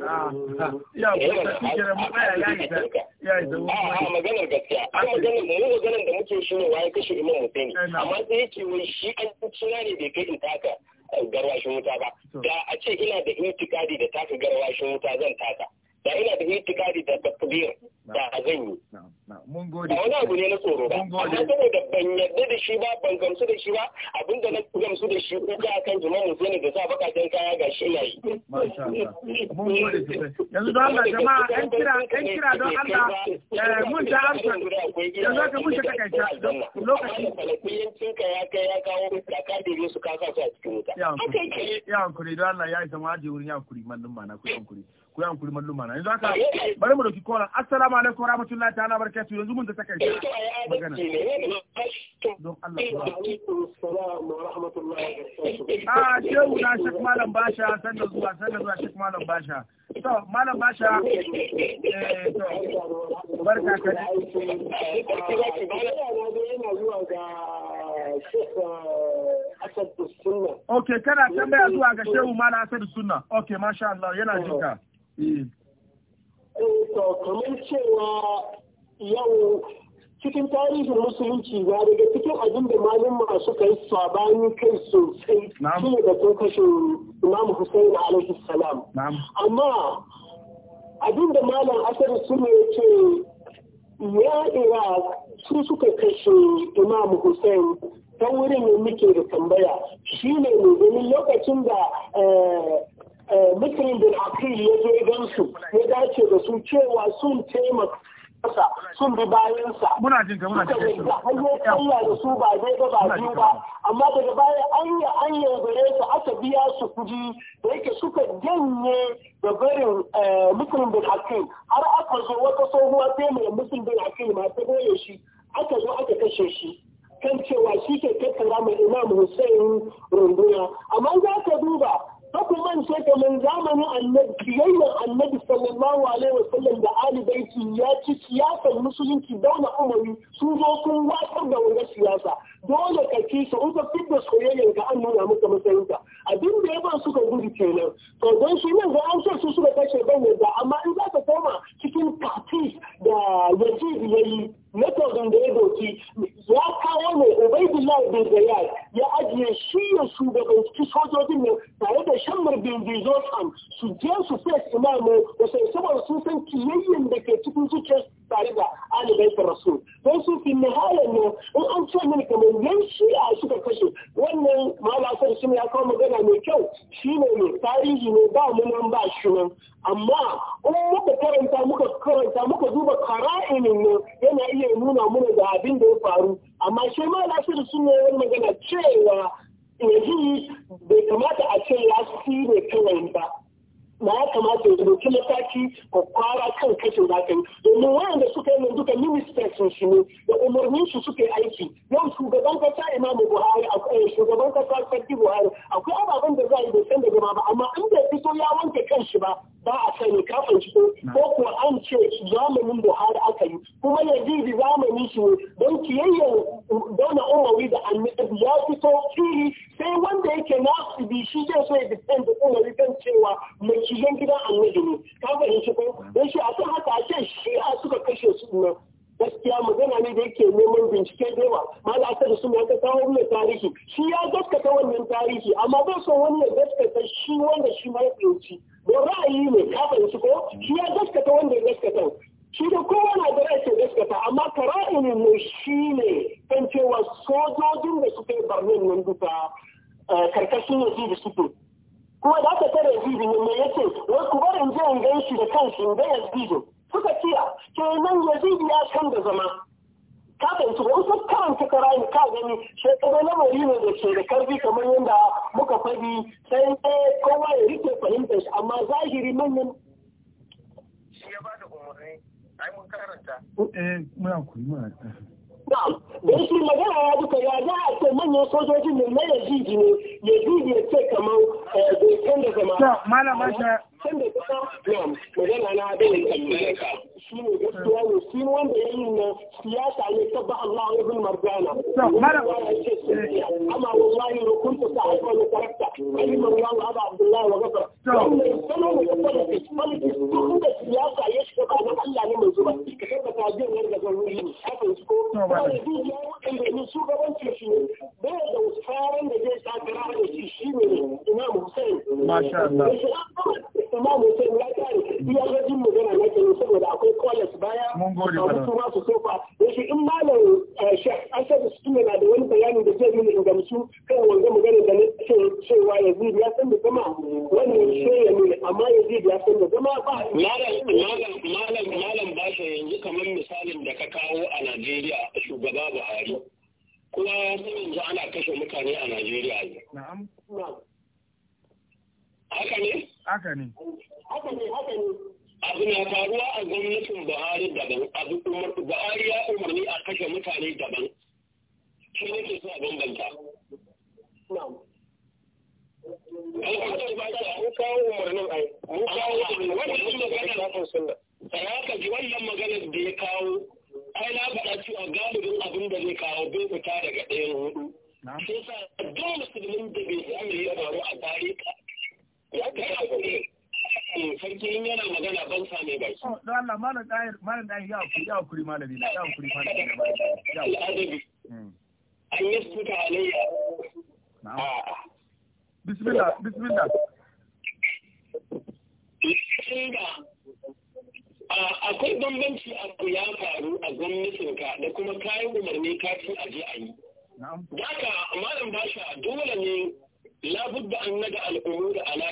a maganar gaskiya an maganar mu maganar da muke shi ne waye kashe imam musaini amma sai yake wai shi an cina ne bai kai in taka garwashin wuta ba da a ce ina da intikadi da taka garwashin wuta zan taka da ina da itikadi da takbir da zan yi mun gode wani abu ne na tsoro ba amma saboda ban yadda da shi ba ban gamsu da shi ba abinda na gamsu da shi ko kuka akan jima'a musulmi da sa bakajen kaya ga shi na yi mun gode yanzu don Allah jama'a an kira an kira don Allah eh, mun ta amsa yanzu ka mun ta takaita lokaci falasiyancin ka ya kai ya kawo ka ka dire su ka sa su a cikin wuta ya hankuri don Allah ya isa ma aje wurin ya hankuri mallum ma na kuɗin hankuri ku yi hankuli mallum mana yanzu haka bari mu dauki kora assalamu alaikum rahmatullahi ta'ala barakatuh yanzu mun da take shi magana don Allah rahmatullahi ah shehu na shek malam basha sanda zuwa sanda zuwa shek malam basha to malam basha eh to barka ka eh, Okay, kana tambaya zuwa ga shehu malam asadu sunna. Okay, masha Allah, yana jinka. Mm. Eh, to kamar cewa yau cikin tarihin musulunci ba daga cikin abin da malin ma suka yi sabani kai sosai shi da kun kashe Imam Hussein alaihi salam amma abin da malam asar su ne ce ya Iraq su suka kashe Imam Hussein ta wurin ya muke da tambaya shi ne mai domin lokacin da eh, Eh, mutum bin akil ya je gansu ya dace da su cewa sun taimaka sun bi bayansa muna jin ka muna jin ka hanyar da su ba zai ba ba biyu ba amma daga baya an yi an gare su aka biya su kuɗi da yake suka janye da barin eh, mutumin bin hakim har aka zo wata tsohuwa sai mai mutumin bin hakim ma ta goye shi aka zo aka kashe shi kan cewa shi ke tattara mai imam hussein runduna amma za ka duba Haku man ce kamar zamanin annabi kiyayyar annabi sallallahu alaihi wa sallam da ali baiti ya ci siyasar musulunci dauna umari sun zo sun watsar da wani siyasa dole ka ci su in ka fidda soyayya ga an nuna maka matsayinka abin da ya ba su ka gudu kenan to don shi nan ga an ce su suka kashe ban yadda amma in za ka koma cikin kati da yaji ya yi na da ya doki ya kawo ne ubaidullahi bin zayad ya ajiye shi ya shugabanci sojojin ne tare da shamar bin bizosam su je su fes imamu wasu saboda sun san kiyayyen da ke cikin zuciyarsu tare da alibaitar rasu don su fi nihalar ne in an ce mini kamar yan shi'a suka kashe wannan malasar shi ya kawo magana mai kyau shi ne ne tarihi ne ba mu nan ba shi nan amma in muka karanta muka karanta muka duba kara'inin ne yana iya nuna mana da abin da ya faru amma shi malasar shi ne wani magana cewa yanzu eh, bai kamata a ce ya ne kawai ba ba ya kamata ya dauki mataki kwara kan kashin zakan domin wayanda suka yi nan duka ministan shi ne da umarnin shi suka yi aiki yau shugaban kasa imamu buhari akwai eh, shugaban kasa sarki buhari akwai ababen da za a yi bai san da ba amma in bai fito ya wanke kan shi ba ba a sani ka fahimci ko ko kuwa an ce zamanin Buhari aka yi kuma Yazidi zamanin shi ne don kiyayyar Dona Umawi da Annabi ya fito fili sai wanda yake na bi shi zai so ya defend da Umawi kan cewa mai kiyan gidan Annabi ne ka shi ko don shi haka a ce shi a suka kashe su ne gaskiya magana ne da yake neman bincike da yawa mala da sun ya kawo wannan tarihi shi ya gaskata wannan tarihi amma ba so wannan gaskata shi wanda shi ma ya don ra'ayi ne ka fahimci ko shi ya gaskata wanda ya gaskata shi da kowa na da rashin gaskata amma kara'inin ne shi ne kan cewa sojojin da suka yi barnin nan duka eh, karkashin yazidi suke kuma da aka tare yazidi ne mai yace wai ku barin je in gan shi da kansu in ga yazidi suka tiya kenan yazidi ya canza zama ka fahimci ba ta kara karayin ka gani shekaru lamari ne da ke da karfi kamar yadda muka faɗi sai kowa ya rike fahimtar shi amma zahiri manyan shi ya ba da umarni ai mun karanta eh muna muna da shi magana ya duka ya za a ce manyan sojojin ne na yazidi ne yazidi ya ce kamar eh, bai da zama malama ta canza zama magana na bai canza shi ne gaskiya ne shi wanda ya yi nan siyasa ne ta ba Allah ibn Marjana amma wallahi ne kun ta sa aiko ne karakta Ali Marwan Aba Abdullahi wa Gafar wannan sanar da politics politics duk da siyasa ya shiga ba da Allah ne mai zuba ka sai ka tajin ne daga wuri haka su ko wani dukiya wanda ne shugabanci shi ne bai da tsaron da zai sa gara da shi shi ne Imam Hussein masha Allah Imam Hussein ya kare iya rajin magana na kenan saboda akwai ko kolas baya mun gode ba su ma su sofa yace in malam eh, shek asad su na da wani bayani da zai mini gamsu kan wanda magana da ne cewa yazid ya san da zama wannan sheya ne amma yazid ya san da zama ba malam malam malam malam yanzu kamar misalin da ka kawo a Najeriya shugaba Buhari kuma yanzu ana kashe mutane a Najeriya na'am haka ne haka ne haka ne haka ne abu na faruwa a gwamnatin buhari daban abu umar buhari ya umarni a kashe mutane daban shi ne ke sa bambanta Mun kawo umarnin ai, mun kawo wannan maganar da ya kawo ai na faɗa cewa galibin abin da zai kawo bai fita daga ɗayan hudu. Shi sa dole musulmin da bai san me ya faru a tarihi. Ya kai hakuri. sarki in yana magana ban sa mai baki. Oh, don Allah malam ɗayar malam ɗayar ya hakuri ya hakuri malami na ya hakuri malami na ya hakuri. Hmm. An yi suka halayya. Ah. Bismillah bismillah. Inda ah, akwai bambanci abu ya faru a gwamnatinka da kuma kayan umarni kafin a je a yi. Haka malam basha dole ne labudda an naga da ala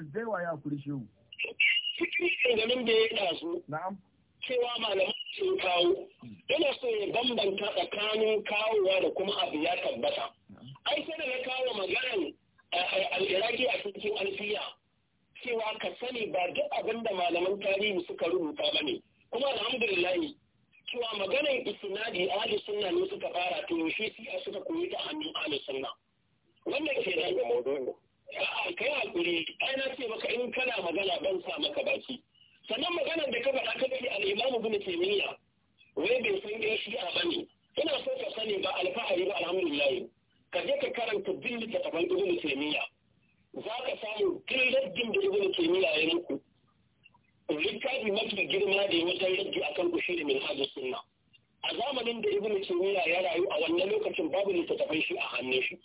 malam da ya kuri shehu cikin ganin da ya su cewa malaman sun kawo yana so ya bambanta tsakanin kawowa da kuma abu ya tabbata ai sai da na kawo maganar eh, eh, al'iraki a cikin alfiya cewa ka sani ba duk abin da malaman tarihi suka rubuta ba ne kuma alhamdulillahi cewa maganar isnadi ahli sunna ne suka fara to shi suka koyi ta hannun ahli sunna wannan ke da A'a kai hakuri, ai na ce maka in kana magana ban sa maka baki. Sannan maganar da ka faɗa kake al'imamu bin Taimiyya, wai bai san ya shi a bane. Ina so ka sani ba alfahari ba alhamdulillah. Ka je ka karanta bin littattafan Ibn Taimiyya. Za ka samu duk raddin da Ibn Taimiyya ya muku. Littafi mafi girma da ya wajen raddi akan ku shi da minhajus sunna. A zamanin da Ibn Taimiyya ya rayu a wannan lokacin babu littattafai shi a hannun shi.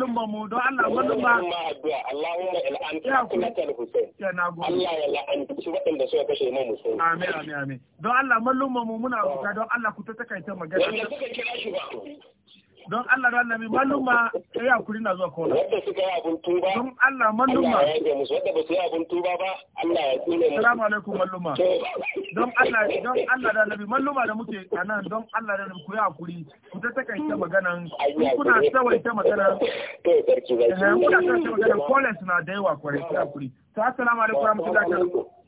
mallumma mu don Allah ya ku ya Allah ya waɗanda suka kashe mu Hussein amin amin amin don Allah mallumma mu muna roƙa don Allah ku ta takaita magana wanda suka kira shi ba don Allah ran nabi ya yi hakuri na zuwa kola wanda suka yi abin tuba don Allah malluma Allah ya ga musu wanda ba su yi abin tuba ba Allah ya tsine mu Salamu alaikum malluma don Allah don Allah ran nabi da muke nan don Allah da nabi ku yi hakuri ku ta takaita maganan kuna magana to sarki zaki eh, kuna magana kola suna da yawa kwarai hakuri assalamu wa rahmatullahi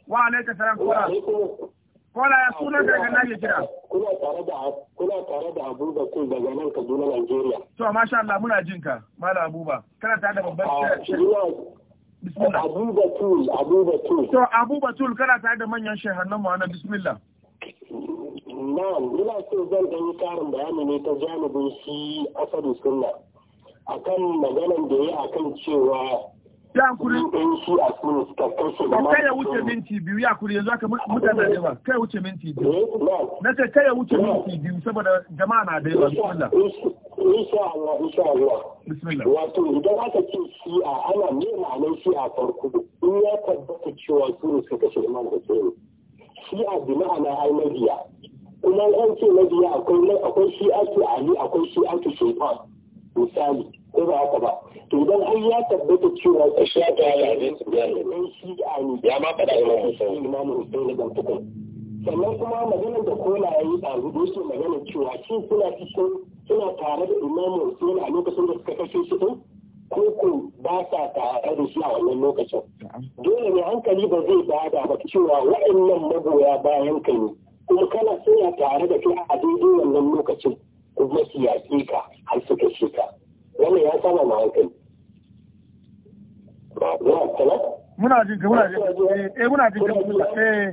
wa alaikum salam Kola ya sunan da kana ke kira? Kuna tare da kuna tare da Abu Bakir daga nan Kaduna Najeriya? To masha Allah muna jin ka Malam Abuba. Kana tare da babban ah, Bismillah. Abu Bakir, Abu Bakir. To Abu Bakir kana tare da manyan shehannan mu anan bismillah. Na'am, ina so zan dan yi karin bayani ne ta jami'in shi Asadu Sunna. Akan maganan da ya akan cewa ya hankuri kai ya wuce minti biyu yanzu eh, aka da yawa wuce na kai wuce saboda jama'a na da yawa bismillah bismillah wato idan aka ce shi'a ana nema nan shi'a farko in ya tabbata cewa su suka shi imam hussein shi'a bi ma'ana ai mabiya kuma an ce mabiya akwai akwai shi'a ali akwai shi'a shaitan misali ko ba haka ba to don har ya tabbata cewa ta sha ta ya ne shi ya ma fada da tukun sannan kuma maganar da kola ya yi ɗazu da yake magana cewa shi suna cikin suna tare da imamu Hussein a lokacin da suka kashe shi ɗin ko ko ba sa tare da shi a wannan lokacin dole ne hankali ba zai bada ba cewa waɗannan magoya bayan ka ne kuma kana suna tare da kai a daidai wannan lokacin kuma siyasi ka har suka shi ka wannan ya sama ma hankali muna jin ka muna jin eh, muna jin ka eh.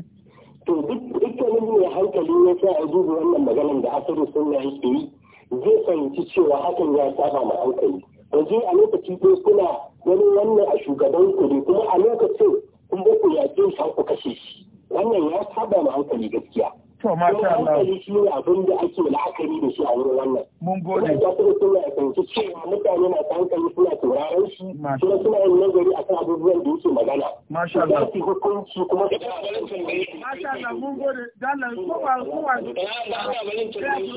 to duk dukkanin mai hankali ya sa a duba wannan maganar da asirin sunna ya yi zai fahimci cewa hakan ya saba ma hankali yanzu a lokaci ko kuna wani wannan a shugaban ku ne kuma a lokacin kun ba ku yaƙe shi ku kashe shi wannan ya saba ma hankali gaskiya To masha Allah. Yau shi ne abin da ake la'akari da shi a wurin wannan. Mun gode. Kuma a kuma suna fahimci cewa mutane na hankali suna tauraron shi. Kuma suna yin nazari akan abubuwan da yake magana. sha Allah. Kuma su hukunci kuma su kana ganin tambaye. Masha Allah mun gode. Dallan ko ba ko ba. Ya ga ganin tambaye.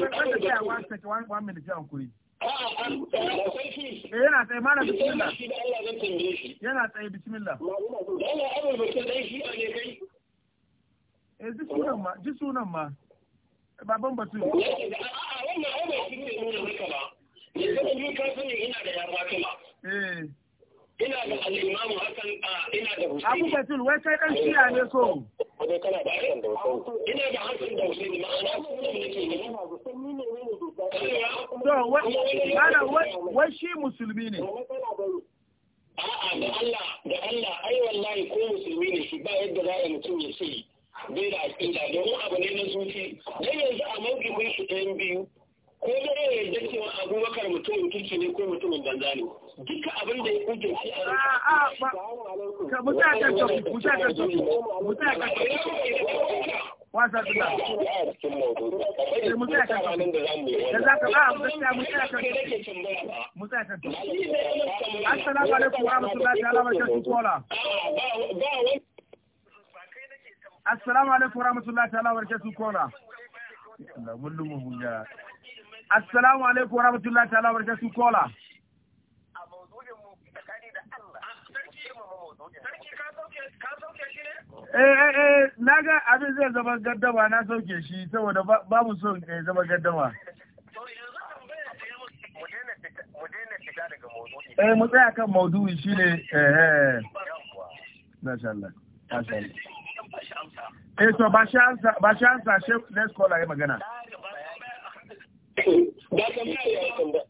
Ya ga ganin tambaye. One minute jan kuri. Eh, yana tsaye mana bismillah yana tsaye bismillah eh ji sunan ma ji sunan ma eh, baban batu A'a, wannan ai bai shi ne nuna maka ba yanzu ni ka sani ina da ya fatima eh ina da al-imamu hasan ina da husaini abu batul wai kai ɗan shiya ne so wai kana da hasan da husaini ina da hasan da husaini ma'ana sunan nake ne to wai ana wai shi musulmi ne a'a da Allah da Allah ai wallahi ko musulmi ne shi ba yadda za a mutum ya ce bai da aƙida domin abu ne na zuci dan yanzu a mawkifin shi ɗayan biyu ko ya yarda cewa abubakar mutumin kirki ne ko mutumin banza ne duka abin da ya kuje shi a ka mutu a kan ya mutu a assalamu alaikum rahmatullahi ta'ala barakatuh kona Allah mun lumu huja assalamu alaikum rahmatullahi ta'ala barakatuh kona. Eh eh eh naga abin zai zama gaddama na sauke shi saboda ba mu son ya eh, zama gaddama Eh mu tsaya kan maudu'i shine eh eh, eh. Masha Allah Masha Allah Eh to ba shi ansa ba shi ansa shi next caller magana. Da ya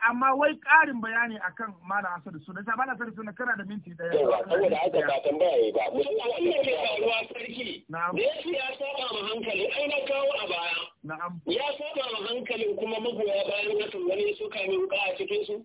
amma wai ƙarin bayani kan mana asar su da ta asar su na kana da minti daya yawa saboda haka ba tambaya yi ba mutum wannan da faruwa sarki na'am da ya saba ma hankali ai na a baya na'am ya saba ma hankalin kuma magoya bayan wasu suka yi a cikin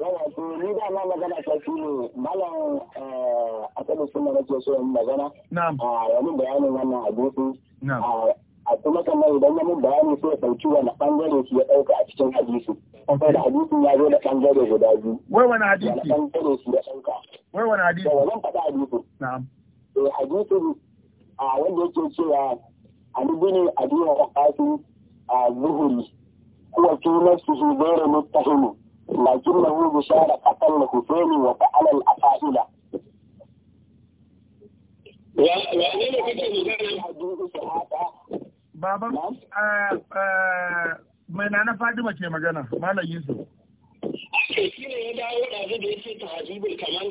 Yawa, to ni da ma magana ta shi ne malam a kan suna nake so yin magana. Na'am. A yamin bayanin wannan hadisi. A kuma kamar idan yamin bayani sai ya sauki wani bangare shi ya ɗauka a cikin hadisi. Saboda hadisin ya zo da bangare guda biyu. Wai wani hadisi? Wani bangare shi ya ɗauka. Wai wani hadisi? Yawa, wani faɗa hadisi. Na'am. Eh hadisin a wanda yake cewa Ali bin Abi Waqqas a Zuhuri. Kuwa fi nafsihi ghayra muttahimin. لكنه bishara qatal husaini wa ta'ala al-afaila Baban, na na Fatima ke magana, Malam Yusuf. Ake ya da da ya ce ta kamar.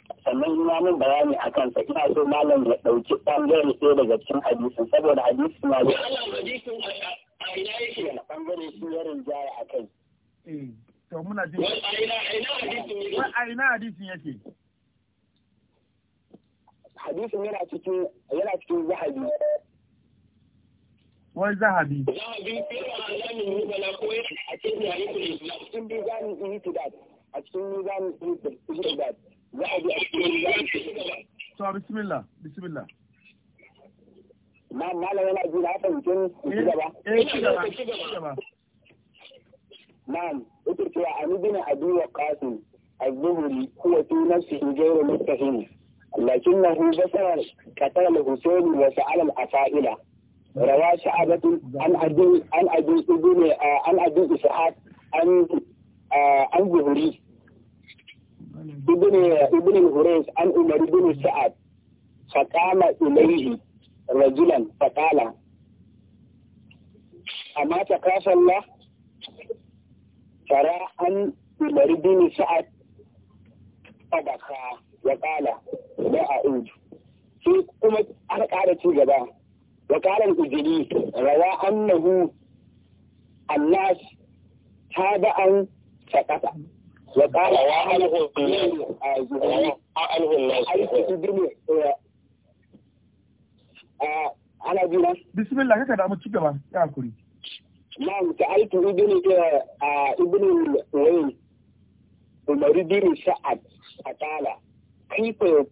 sannan ya min bayani a kansa ina so malam ya ɗauki ɓangare ɗaya daga cikin hadisin saboda hadisin na da a ɓangare shi ya rinjaya a kai. Eh, to muna jin a ina hadisin yake hadisin yana cikin yana cikin zahabi wai zahabi zahabi yana alamin nubala ko a cikin yare kuma in bi zani in yi to a cikin ni zani in yi to za a bi a cikin lafiya. To bismillah bismillah. Ma malam yana ji na fahimcin ci eh, gaba. Eh ci gaba ci gaba. Na'am bin Abi az-Zuhri huwa fi nafsihi ghayru mustahim. لكنه بصر قتل الحسين وسأل الأفائلة روى شعبة عن أبي An أبي ibn ibn an Umar ibn Sa'ad faqama ilayhi rajulan faqala amma ta kafa Allah tara an Umar ibn Sa'ad fabaka wa qala la a'ud sai kuma aka ƙara ci gaba wa qala al-Ujri rawa annahu Allah tabi'an faqata وقال وعمله وعمله الناس ana jina bismillah kaka da mu ci gaba ya hakuri na'am ta aiki ibn a ibn wayn umar bin sa'ad atala kaifa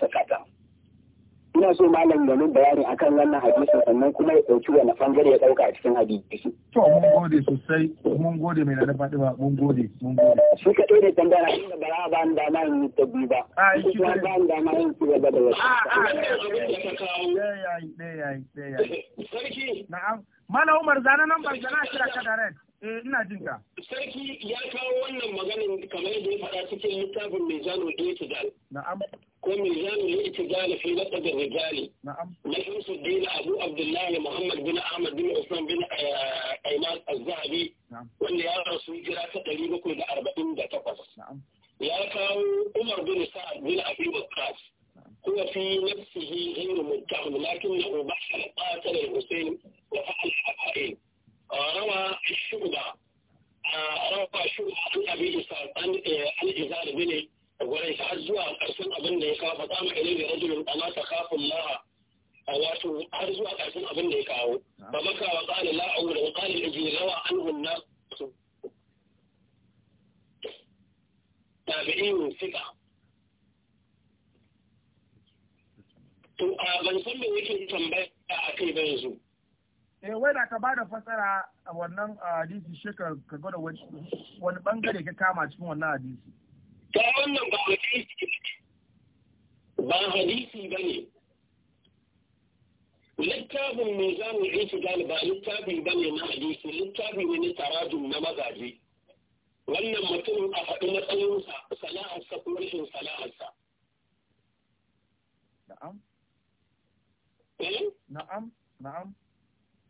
sakata ina so malam da mun bayani akan wannan hadisi sannan kuma ya dauki wani bangare ya dauka a cikin hadisi to mun gode sosai mun gode mai da ba mun gode mun gode shi ka dai tambaya inda ba za ba ni dama in ta bi ba a shi ba ba ni dama in ci gaba da wasu a a yayi yayi yayi sarki na'am mala Umar zana nan ban zana shi da direct Eh, ina jin ka. Sarki ya kawo wannan maganin kamar da ya faɗa cikin littafin mai zano Itidal. Na'am. Ko mai zano Itidal fi laɗa da Rijali. Na'am. Na Yusuf Dina Abu Abdullahi Muhammad bin Ahmad bin Usman bin eh, Aiman Az-Zahabi. Wanda ya rasu jira ta ɗari bakwai da arba'in da takwas. Na'am. Ya kawo Umar bin Sa'ad bin Abi Waqqas. هو في نفسه غير متهم لكنه بحث قاتل الحسين وفعل حقائق روى الشعبة آه، روى الشعبة عن أبي إسحاق عن آه، عن إزار بن وليس عزوا أرسل أبن نيكا فقام إليه رجل ألا تخاف الله أواتو أرزوا أرسل أبن نيكا فبكى وقال لا أول وقال الذي روى عنه الناس تابعين ثقة to a ban san me yake tambaya akai ban zuwa eh wai da ka ba da fasara a wannan hadisi shi ka gwada wani bangare ka kama cikin wannan hadisi ta wannan ba hadisi ba hadisi ba ne littafin mai za mu yi gani ba littafin ba ne na hadisi littafin ne na tarajin na Magaji. wannan mutum a faɗi matsayinsa sana'arsa ko rashin sana'arsa eh? na'am na'am na'am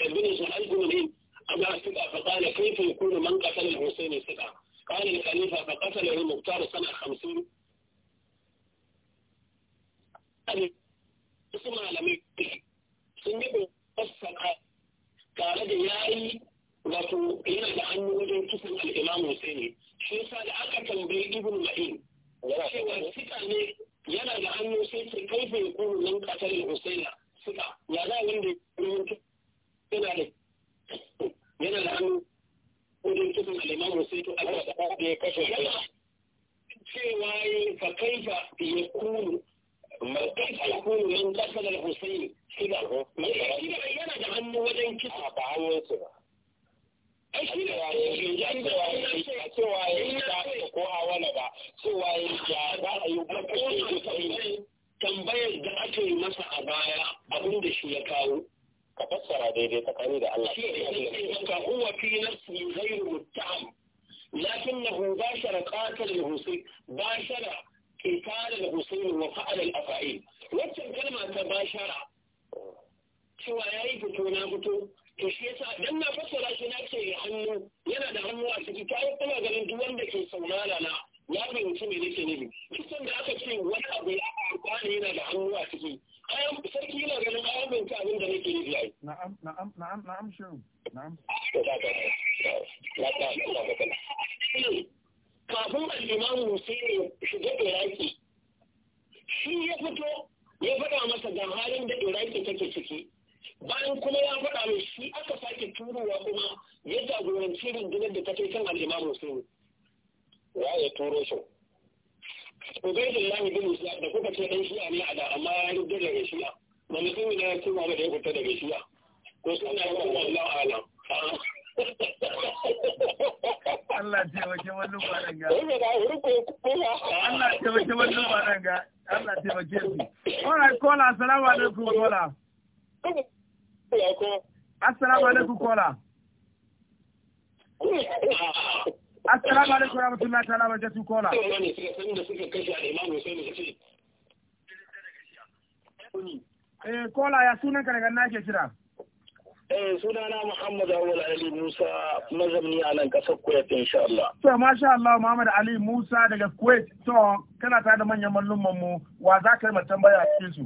ابن سعيد منين أبا سبعة فقال كيف يكون من قتل الحسين سبعة قال الخليفة فقتله المختار سنة خمسين اسمع لم سنجد السبعة قال دي ياي wato yana da hannu wajen kisan al'imam Hussaini shi yasa da aka tambayi ibn Ma'in cewa sika ne yana da hannu sai ce kaifa yakunu nan qatal Husaina sika ya za wanda ya yana ne yana da hannu wajen kisan alimamu sai to Allah da ya kashe yana cewa yi fa kaifa ya kunu kaifa ya kunu man da al-husayn sida yana da hannu wajen kisa ba hannunsu ba cewa ya yi da ko a wani ba cewa ya yi da za a yi bakon tambayar da aka yi masa a baya abin da shi ya kawo ka fassara daidai tsakani da Allah. Shi ne ka huwa fi nafsi ghayru muttaham lakinnahu bashara qatal al-husayn bashara qital al-husayn wa fa'ala al-afa'il. Waccan kalma ta bashara cewa yayi fito na fito to shi yasa dan na fassara shi na ce hannu yana da hannu a ciki ta yi kuma ganin duk wanda ke saurara na ya fahimci me nake nufi. Kisan da aka ce wani abu ya yana da hannu a ciki. ayan sarki yana ganin ayan bai ka abin da nake yi yayi na'am na'am na'am na'am shirin na'am to da ka la ta la ta kafin al-imam Hussein shiga Iraki shi ya fito ya faɗa masa ga halin da Iraki take ciki bayan kuma ya faɗa mai shi aka sake turowa kuma ya jagoranci rundunar da ta kai kan al-imam Hussein ya ya turo shi Ubaidullahi bin Musa da kuka ce dan shi'a ne a da amma ya rubuta daga shi'a. Ba mutum ne ya koma ba da ya fita daga shi'a. Ko suna ya koma Allah alam. Allah taimake wani kwanan ga. Allah taimake wani ga. Allah kola, assalamu alaikum kola. Assalamu alaikum kola. Assalamu alaikum warahmatullahi ta'ala barakatuh kola. Eh kola ya sunan ka daga nake kira. Eh sunana Muhammad Awal Ali Musa mazamni a nan kasar Kuwait insha Allah. To masha Allah Muhammad Ali Musa daga Kuwait to kana ta da manyan mallumman mu wa za ka yi tambaya cikin su.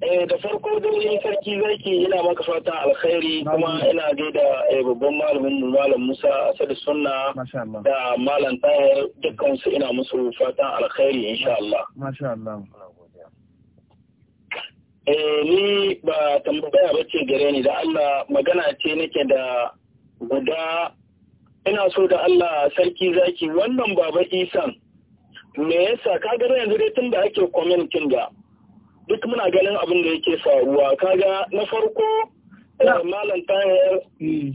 Eh, da farko dai yin sarki zaki ina maka fatan alkhairi kuma ina gaida eh, babban malamin mu malam Musa Asadu Sunna da malam tayar dukkan su ina musu fatan alkhairi insha Allah Allah eh, ni ba tambaya bace gare ni da Allah magana ce nake da guda ina so da Allah sarki zaki wannan baba Isan me yasa kaga yanzu dai tun da ake commenting da duk muna ganin abin da yake faruwa kaga na farko eh, malam tayar mm.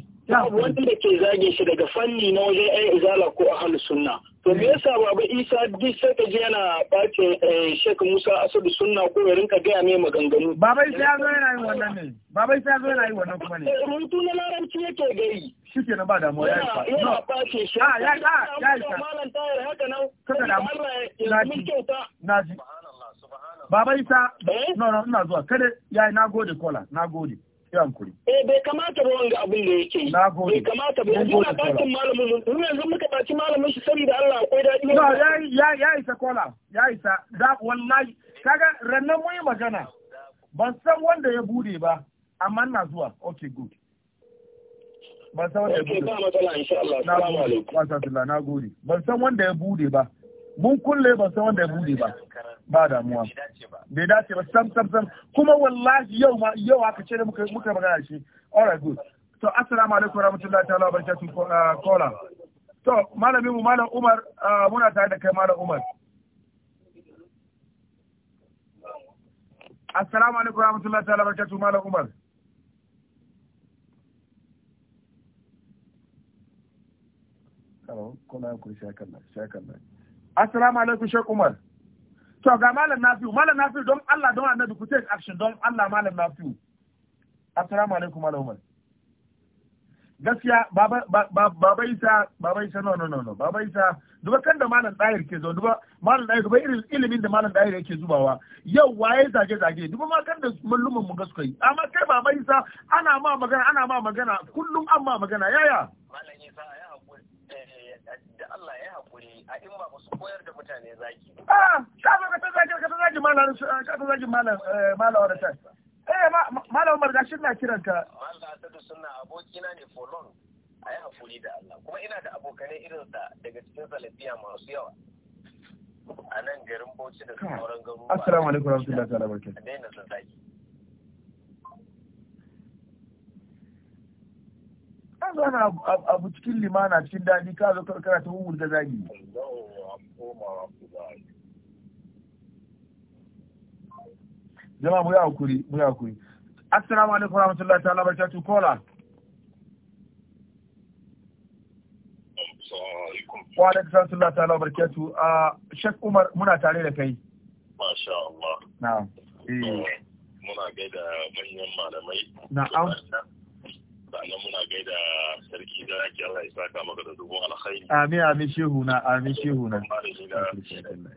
wanda ke zage shi daga fanni na wajen ɗan izala ko ahal sunna to me yasa mm. baba isa duk sai ka je yana bace eh, shek musa asadu sunna ko ya rinka gaya mai maganganu baba isa ya zo yana yin wannan ne baba isa ya zo yana yin wannan kuma ne eh, rutu na larabci yake gari shi ke na ba damuwa ya isa yana bace shi ah, ya ya ya isa malam tayar haka nan kada da Allah ya kyauta naji Baba Isa, eh? no, no, ina zuwa, kada ya yi nagode kola, nagode. Yan kuri. Eh bai kamata ba wanga abin da yake Nagode. Bai kamata ba yanzu na bakin malamin mu, mun yanzu muka baci malamin shi saboda Allah akwai daɗi. No, ya ya isa kola, ya isa. Da wallahi kaga rannan mu yi magana. Ban san wanda ya bude ba, amma ina zuwa. Okay, good. Ban san wanda ya bude. Ba insha Allah. Assalamu alaikum. Wa Ban san wanda ya bude ba, mun kulle ban san wanda ya bude ba ba damuwa bai dace ba sam sam sam kuma wallahi yau ma yau aka ce da muka magana shi all right good to assalamu alaikum warahmatullahi ta'ala barakatuh kola uh, to malamin mu malam Umar uh, muna tare da kai malam Umar assalamu alaikum warahmatullahi ta'ala barakatuh malam Umar Hello, kuna kurshi hakan nan, shi nan. assalamu alaikum Sheikh umar to ga malam nafi'u malam nafi'u don Allah don annabi ku take action don Allah malam nafi'u assalamu alaikum malam umar gaskiya baba baba isa baba isa no no no no baba isa duba kan da malam dair ke zo duba malam dair duba irin ilimin da malam dair yake zubawa yau waye zage zage duba ma kan da malluman mu ga suka yi amma kai baba isa ana ma magana ana ma magana kullum an ma magana yaya malam isa a in ba su koyar da mutane zaki. Ah, ka zo ka ta zaki ka ta zaki malam eh, ka ta zaki malam malam Orata. Eh malam eh, Umar gashin na kiranta. Allah ta da sunna abokina ne for long. Ai hakuri da Allah. Kuma ina da abokanai irin sa daga cikin salafiya masu yawa. A nan garin Bauchi da sauran garuruwa. Assalamu alaikum warahmatullahi wabarakatuh. Daina zaki. an zana abu cikin limana cikin daji, ka zo karkara ta huwul da zagi jama'a mu yi hakuri mu yi hakuri assalamu alaikum warahmatullahi ta'ala barakatuh kola wa alaikum warahmatullahi ta'ala barakatuh a ah, shek umar muna tare da kai masha Allah na eh muna gaida manyan malamai na sannan muna gaida da ake Allah ya amin amin shehu na amin shehu na amin amin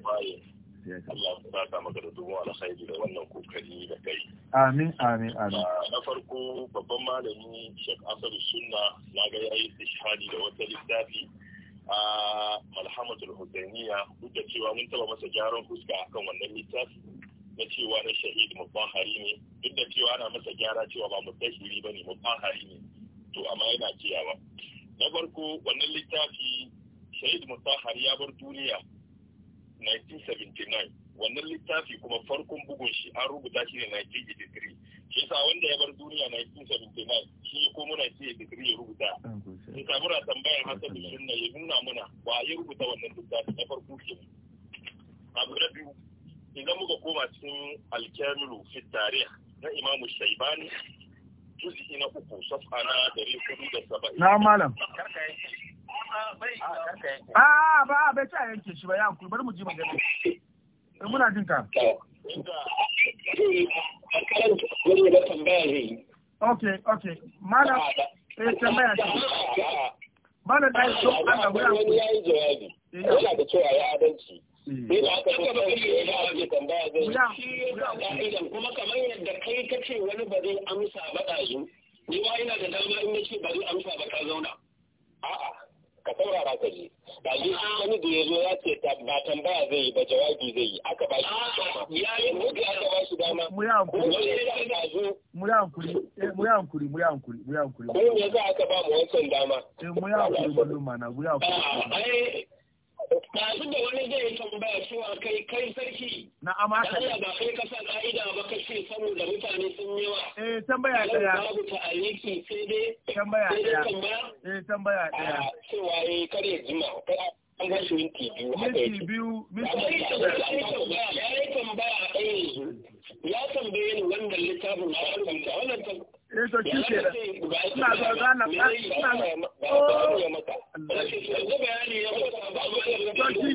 amin ah, babban malami Sheikh Sunna na ga yayi da wata littafi a ah, Malhamatul Husainiya duk da cewa mun taba masa gyaran fuska akan wannan littafi na cewa na shahid mubahari ne duk da cewa ana masa gyara cewa ba mudahiri ba ne mubahari ne to amma yana ba na farko wannan littafi shahid mubahari ya bar duniya 1979 wannan littafi kuma farkon bugun shi an rubuta shi ne 1983 shi sa wanda ya bar duniya 1979 shi ko muna 1983 ya rubuta in ka muna tambayar hasan na ya nuna muna ba ya rubuta wannan littafi na farko shi abu na biyu idan muka koma cikin alkamilu fi tarih na imamu shaibani juz'i na uku safa na dari hudu da saba'in na malam a ba a bai ta yanke shi ba ya hankuli bari mu ji magana eh, muna jin ka okay okay malam eh tambaya ce malam dai so an yi gudan eh, yana da cewa ya adalci Hmm. Ina ya tambaya zai kuma kamar yadda kai ka ce wani ba zai amsa ba ɗazu. Ni ma ina da dama in ce ba zai amsa ba ka zauna. A'a ka saurara ka ji. Ɗazu shi wani da ya zo ya ce ba tambaya zai yi ba jawabi zai yi aka ba shi dama. Ya yi mutu aka ba shi dama. Mu hankuri. Mu hankuri. Eh, mu hankuri. Mu hankuri. Mu yi hankuri. Mu eh, Mu yi dama. Mu hankuri. Mu yi Mu hankuri Ɗazu da wani zai tambaya cewa kai kai sarki. Na amaka. Allah ba kai kasa ka'ida ba ka ce saboda mutane sun yi wa. Eh tambaya ɗaya. Allah babu ta'aliki sai dai. Tambaya ɗaya. Eh tambaya ɗaya. Cewa eh kare jima. An ga shi minti biyu haka yake. Minti biyu. Minti biyu. Ya yi tambaya ɗaya. Ya tambaye ni wannan littafin na rubuta wannan eh to shi ina zo gana ina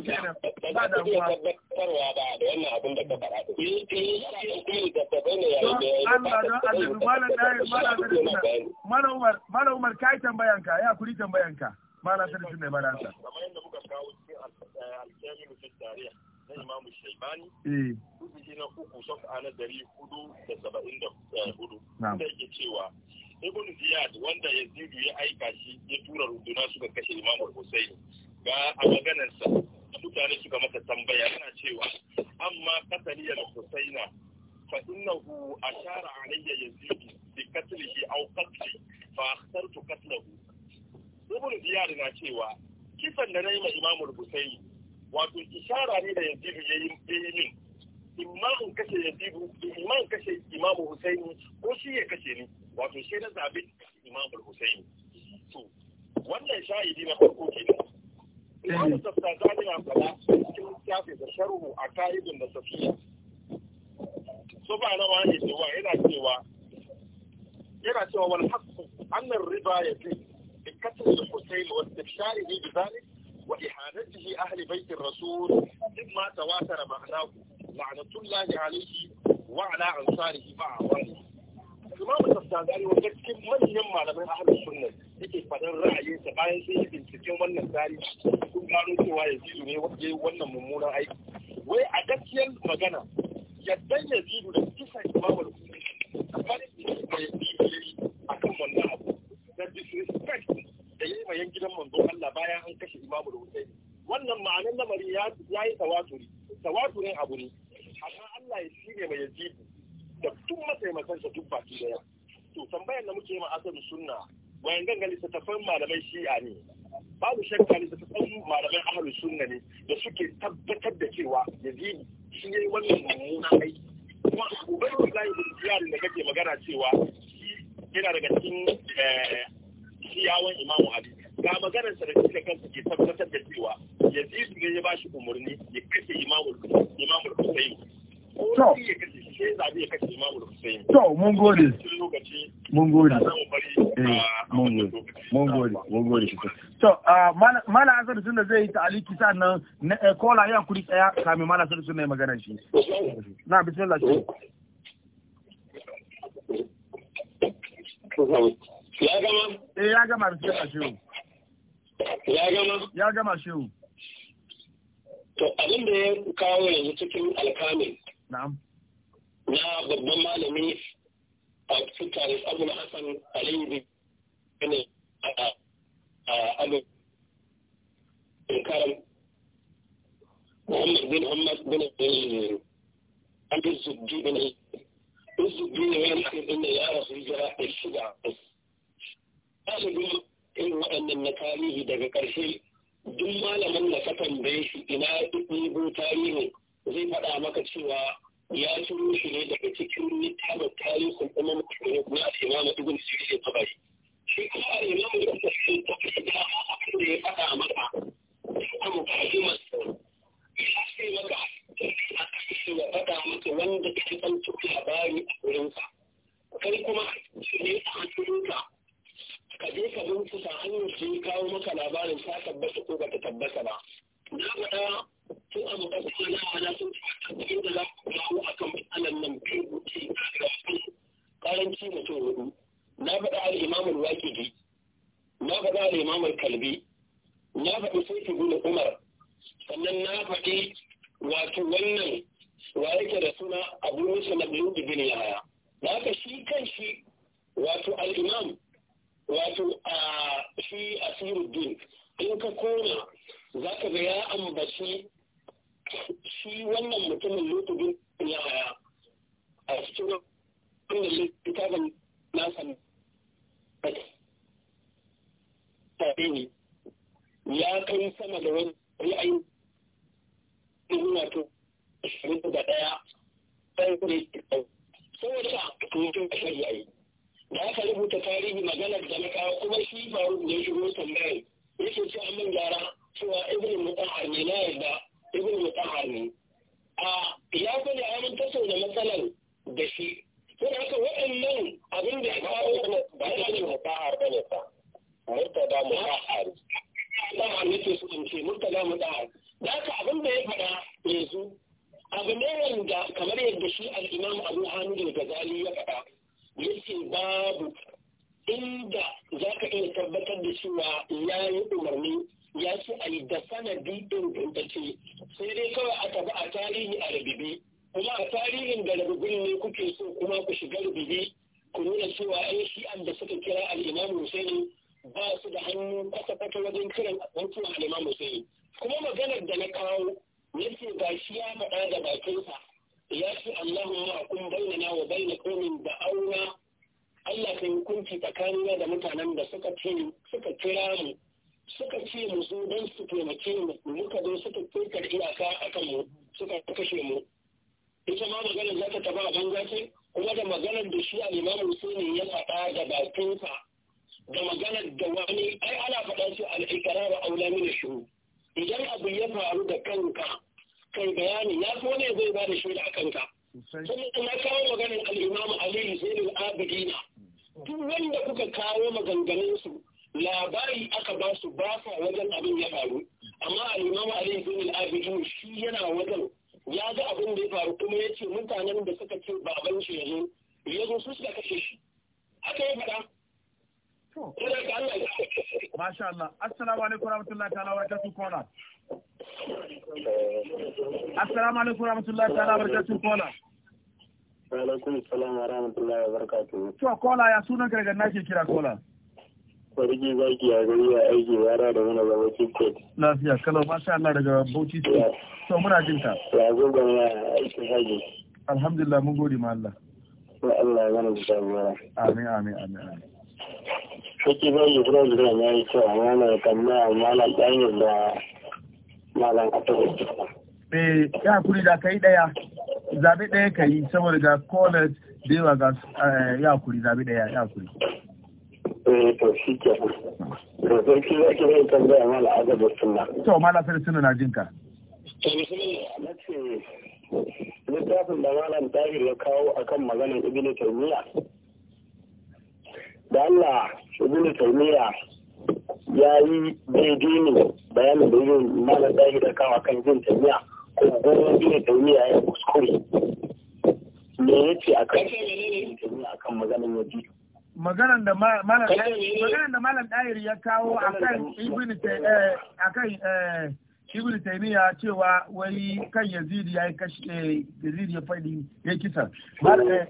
to ba da ruwa Allah don Allah malam dai malam dai malam malam Umar kai tambayan ka ya kuri tambayan ka na imamu shaibani eh. kusurki na uku shafa ana dari hudu da saba'in da hudu da yake cewa ibn ziyad wanda yazidu ya aika shi ya tura runduna suka kashe imamu husaini ga a maganarsa mutane suka masa tambaya yana cewa amma kasaliyar husaina fa innahu ashara alayya yazid bi qatlihi aw qatli fa akhtartu qatlahu ibn ziyad na cewa kisan da nayi ma imamu husaini wato ishara ne da yazidu ya yi yin imma kashe yazidu imma kashe imamu husaini ko shi ya kashe ni wato shi na zabe imamu husaini to wannan shahidi na farko ke kenan imamu eh. tafsazani na fada cikin littafi da sharhu a ka'idun da safiya so ba na wani cewa yana cewa yana cewa wani haqqu annan riba yafi ikkatul husaini wa istifsharihi da dhalik wa ihanatihi ahli baitin rasul duk ma tawatara ma'anahu la'anatullahi alaihi wa ala ansarihi ma awalihi imamu tafsazari wanda cikin manyan malamin ahlus sunna yake faɗin ra'ayinsa bayan sun yi binciken wannan tarihi sun gano cewa yazidu ne wanda wannan mummunan aiki wai a gaskiyar magana yaddan yazidu da kisan gidan manzon Allah bayan an kashe Imam Hussein wannan ma'anar lamari ya yi tawaturi tawaturin abu ne amma Allah ya shirya mai yajibu da tun mataimakan sa duk baki daya to tambayar da muke ma asali sunna wayan ganga littattafan malamai shi'a ne babu shakka littattafan malamai ahlu sunna ne da suke tabbatar da cewa yazidu shi ne wannan mummuna aiki kuma ubangiji zai bin ziyarin da kake magana cewa yana daga cikin eh, siyawan imamu ali ga maganar sa da shi da kansa ke tabbatar da cewa yazidu ne ya ba shi umarni ya kashe imamul imamul husayn to ya kashe shi sai zabi ya kashe imamul husayn to mun gode eh, ah, mun gode mun gode mun gode mun gode shi to ah, mala azar sun da zai yi ta'aliki sannan eh, kola ya kuri tsaya kamin mala azar sun da ya magana shi na bismillah shi ya gama? Eh ya gama da bismillah shi Ya gama? Ya gama To abin da ya kawo yanzu cikin alkamin. Na'am. Na babban malami a cikin Abu Hassan Alayyubi ne a Abu Karam. Muhammad bin Ahmad bin Abdul Zubdi bin zubbi ne ya rasu hijira a shiga. shiga irin waɗannan na tarihi daga ƙarshe duk malamin na sakan da shi ina ɗigo tarihi zai faɗa maka cewa ya turo shi ne daga cikin littafin tarihin kuma na imamu ibn sirin ta bari shi kuma a imamu ibn sirin ta bari da abin da ya faɗa maka a mukajimas ya ce maka a kashe ya faɗa maka wanda ka san labari a wurinsa kai kuma shi ne a hannunka ka je ka bincika hanyar su ya kawo maka labarin ta tabbata ko ba ta tabbata ba na faɗa tun abu ba su na ana sun tabbata inda za ku kawo kan matsalan nan bai wuce a rafin karanci mutum hudu na faɗa al'imamul waƙidi na faɗa al'imamul kalbi na faɗi sai gudu umar sannan na faɗi wato wannan wa yake da suna abu musu na biyu da bin yaya da ka shi kan shi wato al'imam wato a shi a asiruddin in ka koma za ka ga ya ambaci shi wannan mutumin lokacin ya haya a cikin wannan littafin nasa tare ne ya kai sama da wani ra'ayin wato ashirin da ɗaya ɗan ya ɗaya ne saboda mutum a shari'a da ka rubuta tarihi magana da na kawo kuma shi ba faru da shigo tambayar yake ce an min gyara cewa ibn mutahar ne na yarda ibn mutahar ne a ya sani a mun tattauna matsalar da shi ko da haka waɗannan abin da ya kawo ba ya ne mutahar ba ne fa murtada mutahar mutahar nake so in ce murtada mutahar da haka abin da ya faɗa yanzu abu ne wanda kamar yadda shi al'imam abu hannu da gazali ya faɗa yace babu inda za ka iya tabbatar da cewa ya yi umarni ya ce a yi da sanadi ingantacce sai dai kawai a taba a tarihi a rabibi kuma a tarihin da rabibin ne kuke so kuma ku shiga rabibi ku nuna cewa ai shi an da suka kira al'imam husaini ba su da hannu kwata-kwata wajen kiran wancan al'imam sai kira mu Assalamu alaikum warahmatullahi ta'ala barakatuh kola. Wa alaikum assalam warahmatullahi wabarakatuh. To kola ya sunan ka daga nake kira kola. Sarki zaki ya gari ya aiki yara da muna zama cikin. Lafiya kalau masha Allah daga Bauchi To muna Ya zo ga aikin haji. Alhamdulillah mun gode ma Allah. Allah ya gani da Amin amin amin amin. Sarki zaki ya yi cewa mana tambaya malam Daniel da malam Atabaki. eh ya kuri da kai daya zabi daya kai saboda ga college da yawa ga eh, ya kuri zabi daya ya kuri eh to shi ke ya ke yin tambaya mala adabu sunna to mala sai sunna na jinka littafin da malam tahir ya kawo a kan maganin ibnu taymiya da Allah ibnu taymiya ya yi daidai ne bayanin da yin malam tahir ya kawo a kan jin taymiya a ya maganar da malam ya kawo akan kan eh, eh, ibn taymiya cewa wai kan yazid ya kisa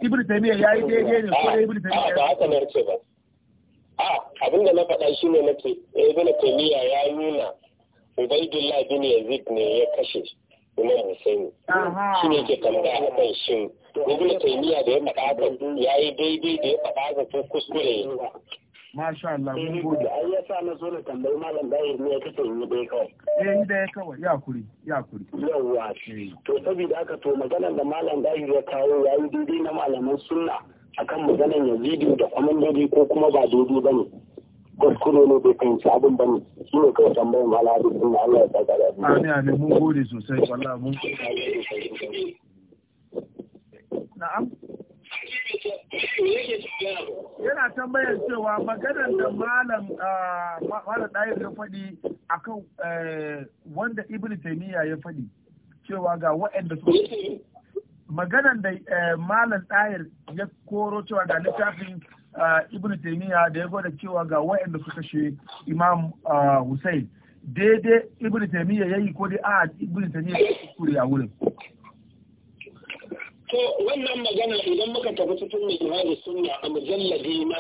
ibn taymiya ya daidai ne ko ibn taymiya ba haka ce ba a abinda na faɗa shi nake ibn taymiya ya nuna ubaidullah bin yazid ne ya kashe Umar Hussein. Shi ne ke kamar a kan shin Ibn Taymiyyah da ya faɗa haka ya yi daidai da ya faɗa haka ko kuskure. Masha Allah, mun eh, gode. Ai ya sa na so na tambayi malam Bayir ne ya kace yi dai kawai. Eh yi dai kawai, ya kuri, ya kuri. Yawwa. Eh. To saboda haka to maganar da malam Bayir ya kawo ya yi daidai na malaman sunna akan maganar biyu da kwamandodi ko kuma ba daidai ba ne. kuskure ne bai fahimci abin ba ne shi ne kawai tambayar ma lahari sun Allah ya saka da abin. Amin amin mun gode sosai wallahi mun Na'am. Yana tambayar cewa maganar da malam ah, malam ɗayar ya faɗi a kan eh, wanda Ibn Taymiyyah ya faɗi cewa ga waɗanda su maganar da eh, malam ɗayar ya koro cewa ga littafin Uh, Ibn taymiya da ya gwada cewa ga wa'anda suka kashe imam uh, hussein daidai ibnu ya yayi ko dai a Ibn ya yi kuri a wurin to wannan magana idan muka tafi cikin mujahidus sunna a mujalladi na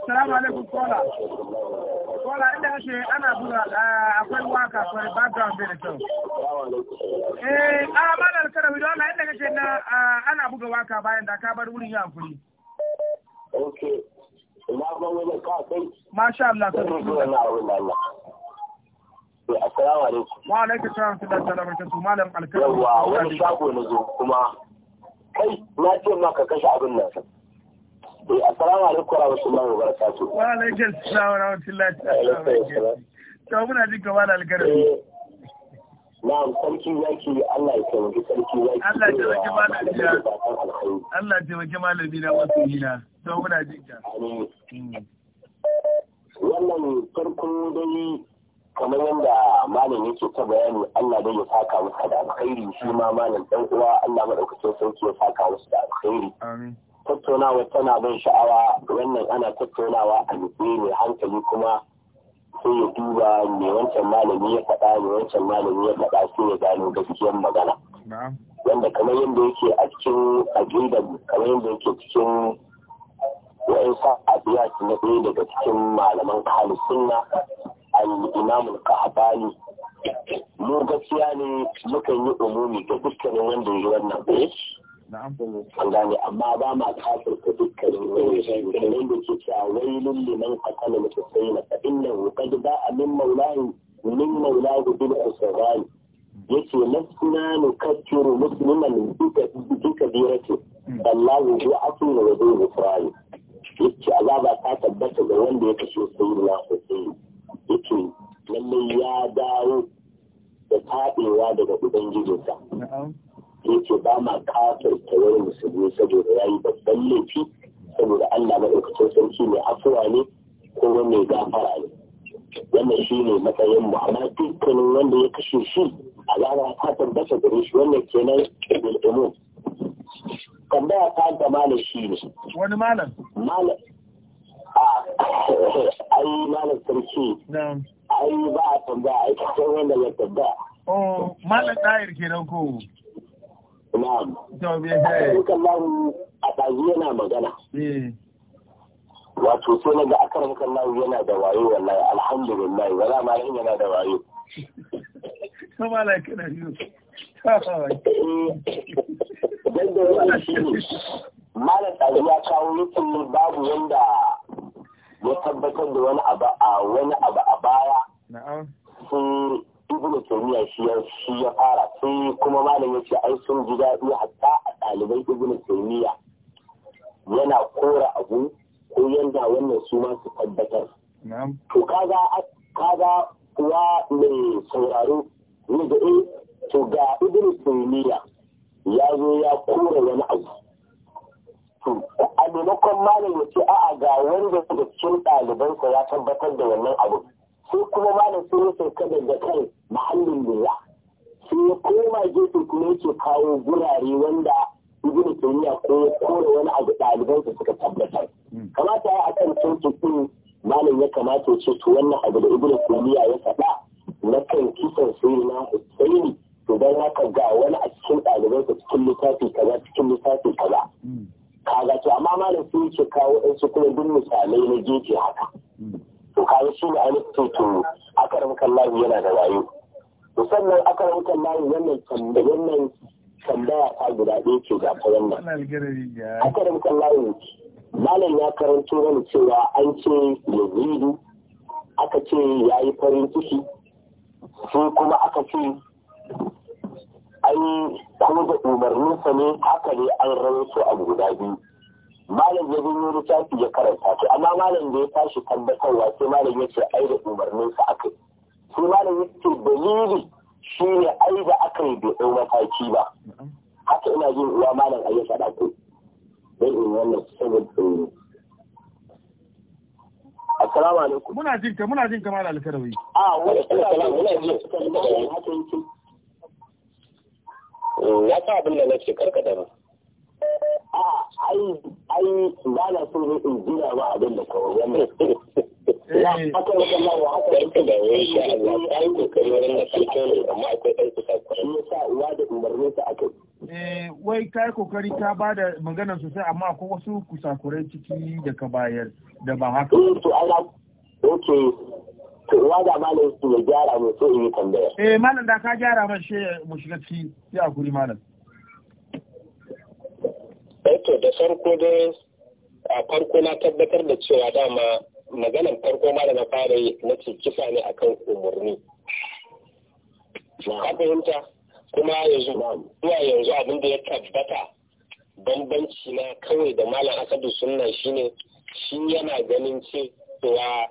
assalamu alaikum kola kola inda ake ana buga ah, akwai waka akwai background bai da kyau eh a ah, malar karawi don Allah inda kake na ah, ana buga waka bayan da ka bar wurin ya hankuri na ga ka kai masha Allah ka rubuta na Allah eh, assalamu alaikum wa alaikum salam wa rahmatullahi malam alkarawi yawa wani shago na zo kuma kai na ce maka kashe abin nan Assalamu alaikum wa rahmatullahi wa barakatuh. Wa alaikum assalam wa rahmatullahi wa barakatuh. To muna jin gaba da eh, Na'am sarki yaki Allah ya taimaki sarki yaki. Allah ya taimaki malami na. Allah ya taimaki malami na wasu hina. To muna jin ka. Mm. Wannan farko dai kamar yadda malam yake ta bayani Allah dai ya saka masa da alkhairi shi ma malam dan uwa Allah madaukakin sarki ya saka masa da alkhairi. Amin. tattaunawa tana ban sha'awa wannan ana tattaunawa a nufi mai hankali kuma sai ya duba me wancan malami ya faɗa me wancan malami ya faɗa sai ya gano gaskiyar magana wanda kamar yadda yake a cikin ajidan kamar yadda yake cikin wa'in su na ɗaya daga cikin malaman ahli sunna al-imam al mu gaskiya ne mukan yi umumi ga dukkanin wanda ya yi wannan na'am gane amma ba ma kafir ka dukkanin wani shekarun da ke cewa wailun liman qatala al-husayn fa innahu qad ba'a min mawlahi min mawlahi bil usran yace lasna nukattiru musliman bi kabirati wallahu hmm. yu'afu wa yadu usran yace ba ta tabbata ga wanda ya kashe sayyidina husayn yace lallai ya dawo da tabewa daga ubangijinsa yake ba ma kafir tawar musulmi saboda ya yi babban laifi saboda Allah maɗaukacin sarki mai afuwa ne ko mai gafara ne wannan shi ne matsayin mu amma dukkanin wanda ya kashe shi a zara ta tabbata gare shi wannan kenan bil'imu tambaya ta ga malam shi ne wani malam malam ai malam sarki ai ba a tambaya ai kasar wanda ya tambaya oh, malam ɗayar kenan ko Na'am. Duka Allah a ɗazu yana magana. Eh. Wato sai na ga akar muka Allah yana da wayo wallahi alhamdulillah wala ma yin yana da wayo. Kuma la kana yi. Dan da wani shi malam ɗazu ya kawo mutum babu yanda ya tabbatar da wani abu a wani abu a baya. Na'am. ibn taymiya shi ya shi ya fara sai kuma malam yace ai sun ji daɗi hatta a ɗalibai ibn taymiya yana kora abu ko yanda wannan su ma tabbatar to kaga kaga wa mai sauraro ne da eh to ga ibn taymiya ya zo ya kora wani abu to a maimakon malam yace a'a ga wanda daga cikin ɗalibansa ya tabbatar da wannan abu su kuma malam sun yi da kai kan mahallin lura su ya koma gefe kuma yake kawo gurare wanda da tayyiya ko kore wani abu ɗaliban su suka tabbatar hmm. kamata ya akan cikin din malam ya kamata ya ce to wannan abu da da tayyiya ya faɗa na kan kisan sai na husaini to dan haka ga wani a cikin ɗaliban su cikin littafi kaza cikin littafi kaza hmm. kaga to amma malam sun ce kawo ɗansu kuma duk misalai na gefe haka hmm. to kayan shi ne ainihin to akarmukan lahi yana da wayo musamman akarmukan lahi wannan tambaya ta guda ɗaya ce ga ta wannan akarmukan lahi malam ya karanto mana cewa an ce yazidu aka ce ya yi farin ciki sai kuma aka ce an kuma da umarninsa ne haka ne an rawaito abu guda biyu malam ya gano littafi ya karanta shi amma malam da ya tashi tabbatarwa sai malam ya ce ai da umarnin sa aka sai malam ya ce dalili shi ne ai da aka yi bai ɗau mataki ba haka ina jin uwa malam a yi faɗa ko dan in wannan saboda Assalamu alaikum. Muna jin ka muna jin ka malam alkarawi. A wani assalamu muna jin ka haka yake. Eh, ya sa abin da nake karkada ba. ai ai ba na so ne in jira ba abin da kawai wannan [laughs] eh. haka wata lawa haka yake da wai sha Allah ai kokari wurin da kai kai amma akwai ɗan kusa kuma sa uwa da umarnin sa akai eh wai yi kokari ka ba da magana sosai amma akwai wasu kusakurai ciki da ka bayar da ba haka eh, to ai okay to uwa da malam su ya gyara mu so in yi tambaya eh malam da ka gyara mun shi mu shiga ciki ya kuri malam to da farko dai a farko na tabbatar da cewa dama maganan farko ma da na fara yi na ce kisa ne akan umarni ka fahimta kuma yanzu zuwa yanzu abin da ya tabbata bambanci na kawai da malam asadu sunna shine shi yana ganin cewa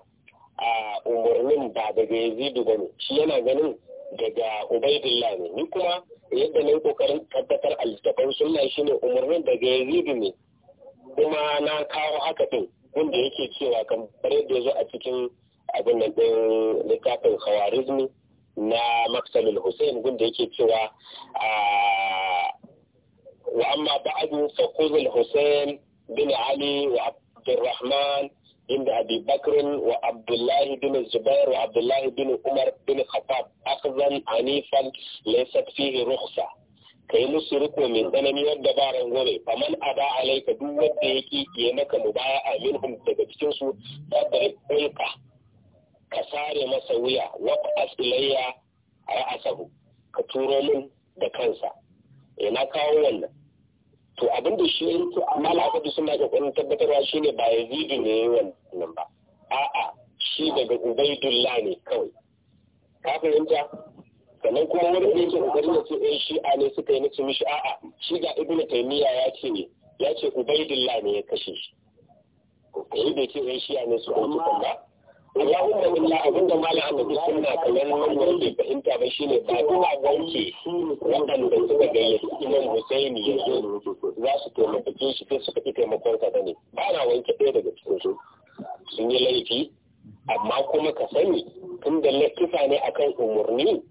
a umarnin ba daga yazidu ba ne shi yana ganin daga ubaidillah ne ni kuma yadda na yi kokarin tabbatar a suna shi ne umarnin daga yi ne kuma na kawo haka din wanda yake cewa kamar yadda ya zo a cikin abin da ɗin littafin khawarizmi na maksalul hussein wanda yake cewa ah, wa amma ba'adu fa hussein bin ali wa abdurrahman عند أبي بكر وعبد الله بن الزبير وعبد الله بن عمر بن الخطاب أخذا عنيفا ليست kai musu riko mai tsanani wanda ba rangwame faman a ba alaika duk wanda yake ke maka mu a minhum daga cikin su tabbar kulka ka sare masa wuya wa as a ra'asahu ka turo min da kansa ina kawo wannan to abin da shi yake amma la'akari suna kwanin tabbatarwa shi ne ba zidi ne wannan ba a'a shi daga ubaidullah ne kawai ka fahimta sannan kuma wani da yake kokarin ya ce eh, shi a ne suka yi nace mishi a'a shi ga ibnu taymiya ya ce ya ce ubaidullah ne ya kashe shi ko kai bai ce eh, shi a ne su ko ba Allahumma illa abinda malam Annabi sunna kallon wannan bai fahimta ba shine ba kuma wanke waɗanda suka gayyaci Imam Husaini ya zo za su taimake shi sai suka ƙi taimakon ba na wanke ɗaya daga cikin su sun yi laifi amma kuma ka sani tun da laifuka ne akan umarni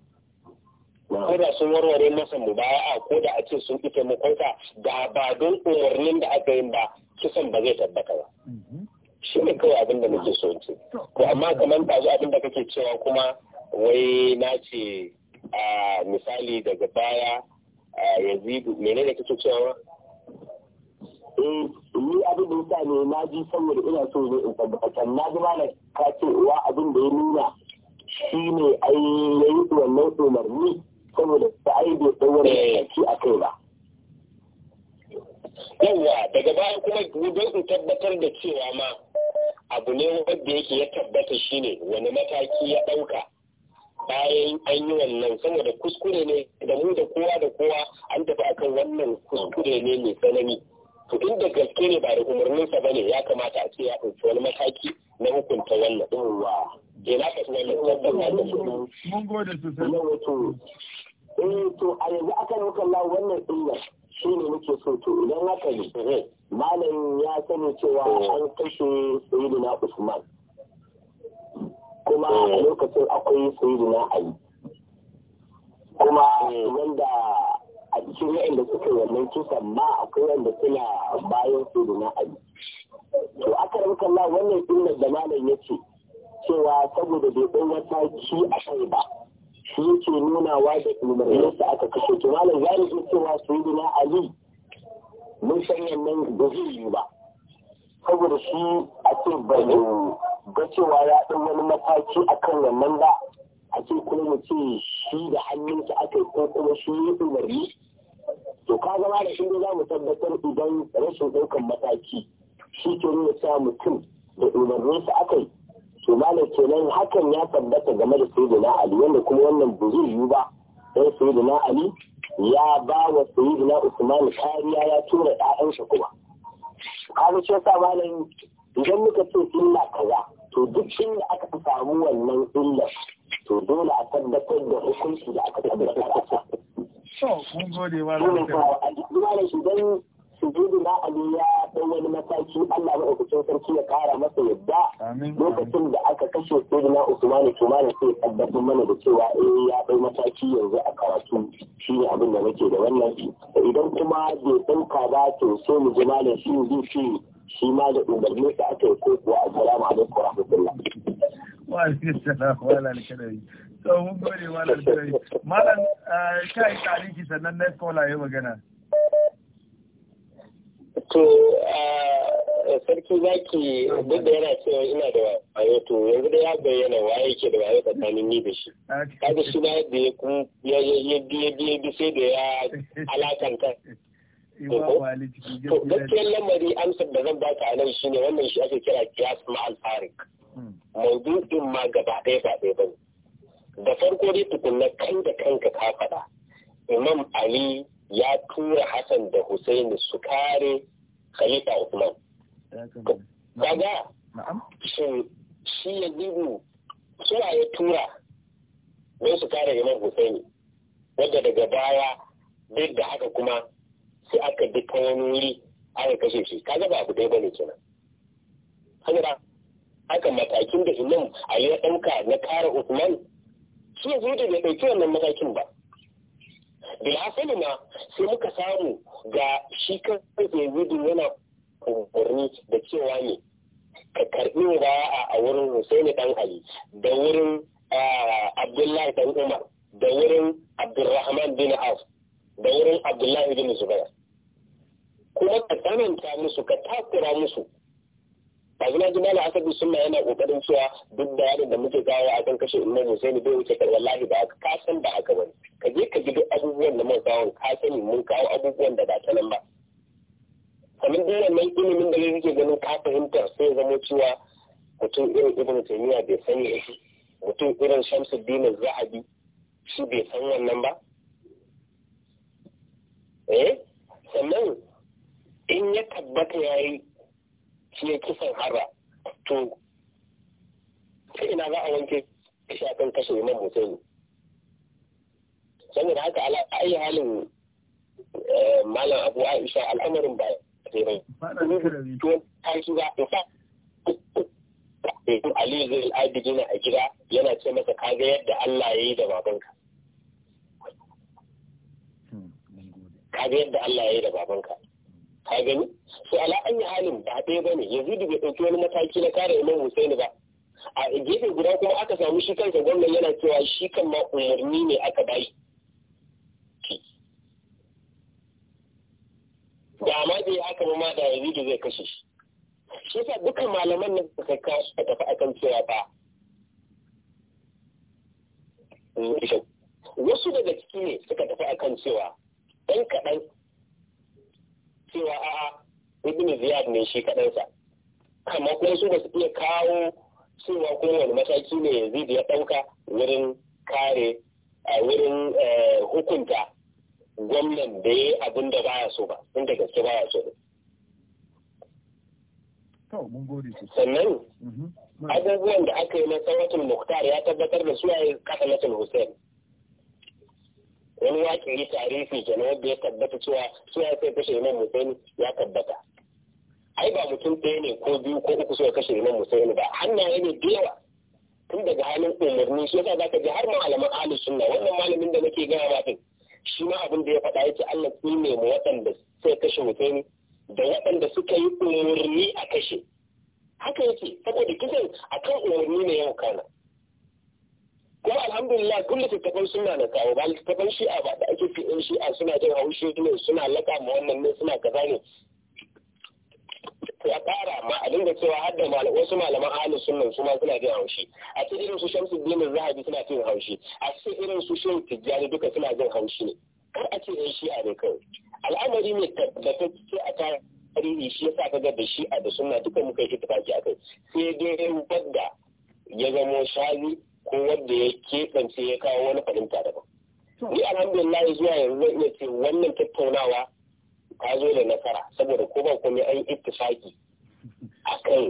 ko da sun warware masa baya ko da a ce sun ƙi taimakon da ba don umarnin da aka yi ba kisan ba zai tabbata ba. Mhm. shi ne kawai abin da muke so ce to amma kamar ta zo abin da kake cewa kuma wai na ce a misali daga baya a mene menene kake cewa eh ni abin da ya ne na ji saboda ina so ne in tabbatar na ji malam ka ce uwa abin da ya nuna shi ne ai yayi wannan umarni saboda ta ai bai tsawon ci eh. a kai ba yawwa daga baya kuma don in tabbatar da cewa ma abu ne wanda yake ya tabbata shine wani mataki ya ɗauka bayan an yi wannan saboda kuskure ne da mu da kowa da kowa an tafi akan wannan kuskure ne mai tsanani to inda gaske ne ba da umarninsa ba ne ya kamata a ce ya ɗauki wani mataki na hukunta wannan ɗinwa ke eh, na kasu wannan tabbata da mun gode eh, to a yanzu akan hukunta wannan ɗinwa shi ne muke so to idan haka ne eh, malam ya sani cewa an kashe na usman kuma a eh. lokacin akwai na ali kuma eh. wanda a cikin wa'anda suka wannan kisan ma akwai wanda suna bayan na ali to aka rinka kalla wannan illar da malam ya ce cewa saboda bai ɗan wata ki a kai ba shi yake nunawa da umarninsa aka kashe to malam ya rage cewa sayyidina ali mun san yannan da zai yi ba saboda shi a ce bai ga cewa ya ɗan wani mataki a kan wannan ba a ce kuma mu ce shi da ta aka yi ko kuma shi ya umarni to ka zama da inda za mu tabbatar idan rashin ɗaukan mataki shi ke nuna cewa mutum da umarninsa aka yi to malam kenan hakan ya tabbata game da sayyidina ali wanda kuma wannan ba zai yi ba sai sayyidina ali ya ba wa sayyidina usman kariya ya tura ɗayan shi kuma kaga ce sa malam idan muka ce illa kaza to duk ne aka samu wannan illa to dole a tabbatar da hukunci da aka tabbatar da ƙasa. Mun gode malam. Mun gode malam. sujudu na ali ya dan wani mataki Allah madaukakin sarki ya kara masa yadda lokacin da aka kashe sayyidina Usman Tumani sai tabbatar mana da cewa eh ya dau mataki yanzu a karatu shine abin da nake da wannan idan kuma bai ɗauka ba to so mu ji malam shi zai shi shi ma da umarni da aka yi ko kuwa assalamu alaikum wa rahmatullah wa alaikum salam wa alaikum to mun gode malam kai eh, malam kai tariki sannan na kola yau magana To, sarki zaki duk da yana cewa ina da wayo to yanzu da ya bayyana waye yake da wayo tsakanin ni da shi. Ah, Kaga shi ba da ya kun ya ya biye biye sai da ya alakanta. [laughs] To, gaskiyar lamari amsar da zan baka a nan shi ne wannan shi ake kira kiyas ma'al farik. Hmm. Maudu'in ma gaba ɗaya ba ɗaya ba ne. Da farko dai tukunna kan da kanka ka faɗa. Imam Ali ya tura Hassan da Hussein su kare Khalifa Usman. Kaga shin shi ya gudu. suna ya tura don su kare Imam Hussein wadda daga baya duk da haka kuma sai aka bi ta wani wuri aka kashe shi kaga ba abu dai bane kenan. Hanyar haka matakin da Imam Ali ya ɗauka na kare Usman shi ya zo da bai ɗauki wannan matakin ba. bilhassali na sai muka samu ga shi kan yazidin yana umarni da cewa ne ka karɓi ba a wurin Hussaini dan Ali da wurin Abdullahi dan Umar da wurin Abdulrahman bin Auf da wurin Abdullahi bin Zubair kuma ka tsananta musu ka takura musu yanzu na ji malam asadu sunna yana kokarin cewa duk bayanin da muke a akan kashe umar husaini bai wuce kar wallahi ba ka san ba aka bari ka je ka gidi abubuwan da mun kawo ka sani mun kawo abubuwan da ba ta nan ba kamar duk wannan ilimin da yake ganin ka fahimtar sai zama cewa mutum irin ibnu taymiya bai sani shi mutum irin shamsuddin zahabi shi bai san wannan ba eh sannan in ya tabbata yayi shi kisan to ta ina za a wanke shi kashe imam hussein saboda haka ala ayi halin eh, malam abu aisha al'amarin ba zai bai to ta a Ali zai al'adidina a gida yana ce masa kaga yadda Allah ya yi da babanka. Hmm, kaga yadda Allah ya yi da babanka. Ka gani? to ala an halin ba ɗaya ba ne yanzu bai ɗauki wani mataki na kare imam husaini ba a gefe guda kuma aka samu shi kansa gwamnan yana cewa shi kan ma umarni ne aka bayi da ma da ya aka ma da yazidu zai kashe shi shi sa dukkan malaman nan suka kashi a tafi akan cewa ba wasu daga ciki ne suka tafi akan cewa ɗan kaɗan cewa a'a ibn ziyad ne shi kaɗansa amma kuma su ba su iya kawo cewa wani mataki ne yazid ya ɗauka wurin kare a wurin eh, hukunta gwamnan da ya abin da baya so ba inda gaske baya so ne. Sannan mhm. abubuwan da aka yi na tsawatul Muktar ya tabbatar da ya kasa kasanatul Hussein. Wani waƙin tarihi kenan wanda ya tabbata cewa ya sai kashe Imam Hussein ya tabbata. ai ba mutum ɗaya ne ko biyu ko uku suka kashe imam Hussein ba hannaye ne da yawa tun daga halin umarni shi yasa zaka ji har malaman ahlus sunna wannan malamin da nake gaya ma din shi ma abin da ya faɗa yake Allah ne mu waɗanda suka kashe Hussein da waɗanda suka yi umarni a kashe haka yake saboda kisan akan umarni ne yau kana Ko alhamdulillah kun littattafan suna na kawo ba littattafan shi'a ba da ake fi'in shi'a suna jin haushi ne suna laka ma wannan ne suna kaza ne to a ƙara ma a dinga cewa har da wasu malaman ahlus sunnan su ma suna jin haushi a ce irin su na zahabi suna jin haushi a ce irin su shan tijjani duka suna jin haushi ne kar a ce yan shi'a ne kawai al'amari ne ce a tarihi shi yasa ka ga da shi'a da suna duka muka yi a kai. sai dai wadda ya zamo shazi ko wadda ya keɓance ya kawo wani fahimta daban ni alhamdulillah zuwa yanzu zan iya ce wannan tattaunawa ka zo da nasara saboda ko ba komai an ittifaki akan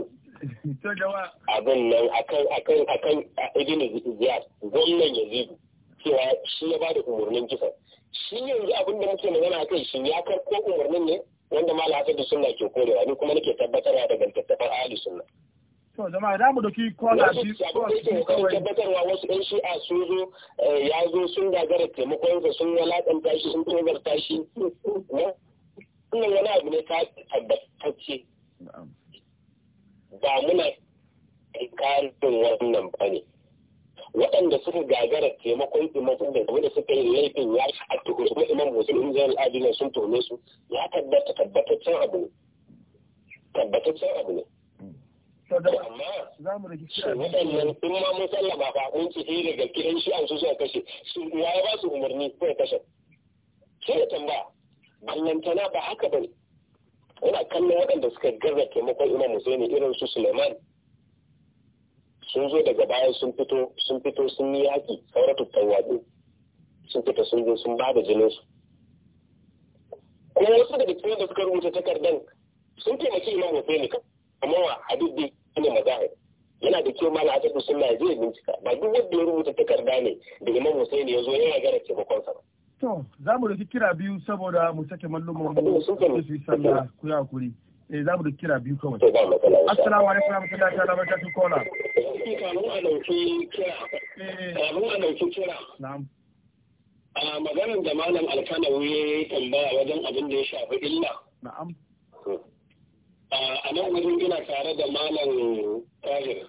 abin nan akan akan akan ibn ziyad gwamnan yazidu cewa shi ya bada umarnin kisan shi yanzu abin da muke magana kai shi ya karko umarnin ne wanda ma lafiya da sunna ke korewa ni kuma nake tabbatarwa daga tattafan ahli sunna to jama'a da mu doki shi kawai tabbatarwa wasu ɗan shi'a sun zo eh, ya zo sun gagara taimakon sun walakanta shi sun tozarta shi wannan wani abu ne ta tabbatacce ba muna karin wannan ba ne waɗanda suka gagara taimakon taimakon da wanda suka yi laifin ya shi a tuhu kuma imam in zai ne sun tome su ya tabbata tabbataccen abu ne tabbataccen abu ne mm. amma waɗannan in ma mun sallama ba mun ci sai daga gidan shi an su suka kashe su ya ba su umarni suka kashe sai ya tambaya ballantana ba haka ba ne yana kallon waɗanda suka gaza taimakon imam musaini irin su Suleiman sun zo daga baya sun fito sun fito sun yi yaƙi sauratu tawadu sun fita sun zo sun bada jinin su kuma wasu daga cikin da suka rubuta takardan sun taimaki imam Hussein amma wa hadidi ne mazahir yana da kyau mala asadu sunna zai bincika ba duk wanda ya rubuta takarda ne da imam musaini ya zo yana gara taimakon sa ba To, za mu da kira biyu saboda mu sake mallumin mu su yi sallah ku yi hakuri. Eh za mu da kira biyu kawai. Assalamu alaikum wa rahmatullahi ta'ala wa barakatuh kola. Kamun eh, a eh. dauki kira. Kamun a dauki kira. Na'am. A maganar da malam Alkanawi ya yi tambaya wajen abin da ya shafi illa. Na'am. A nan wajen gina tare da malam Tahir.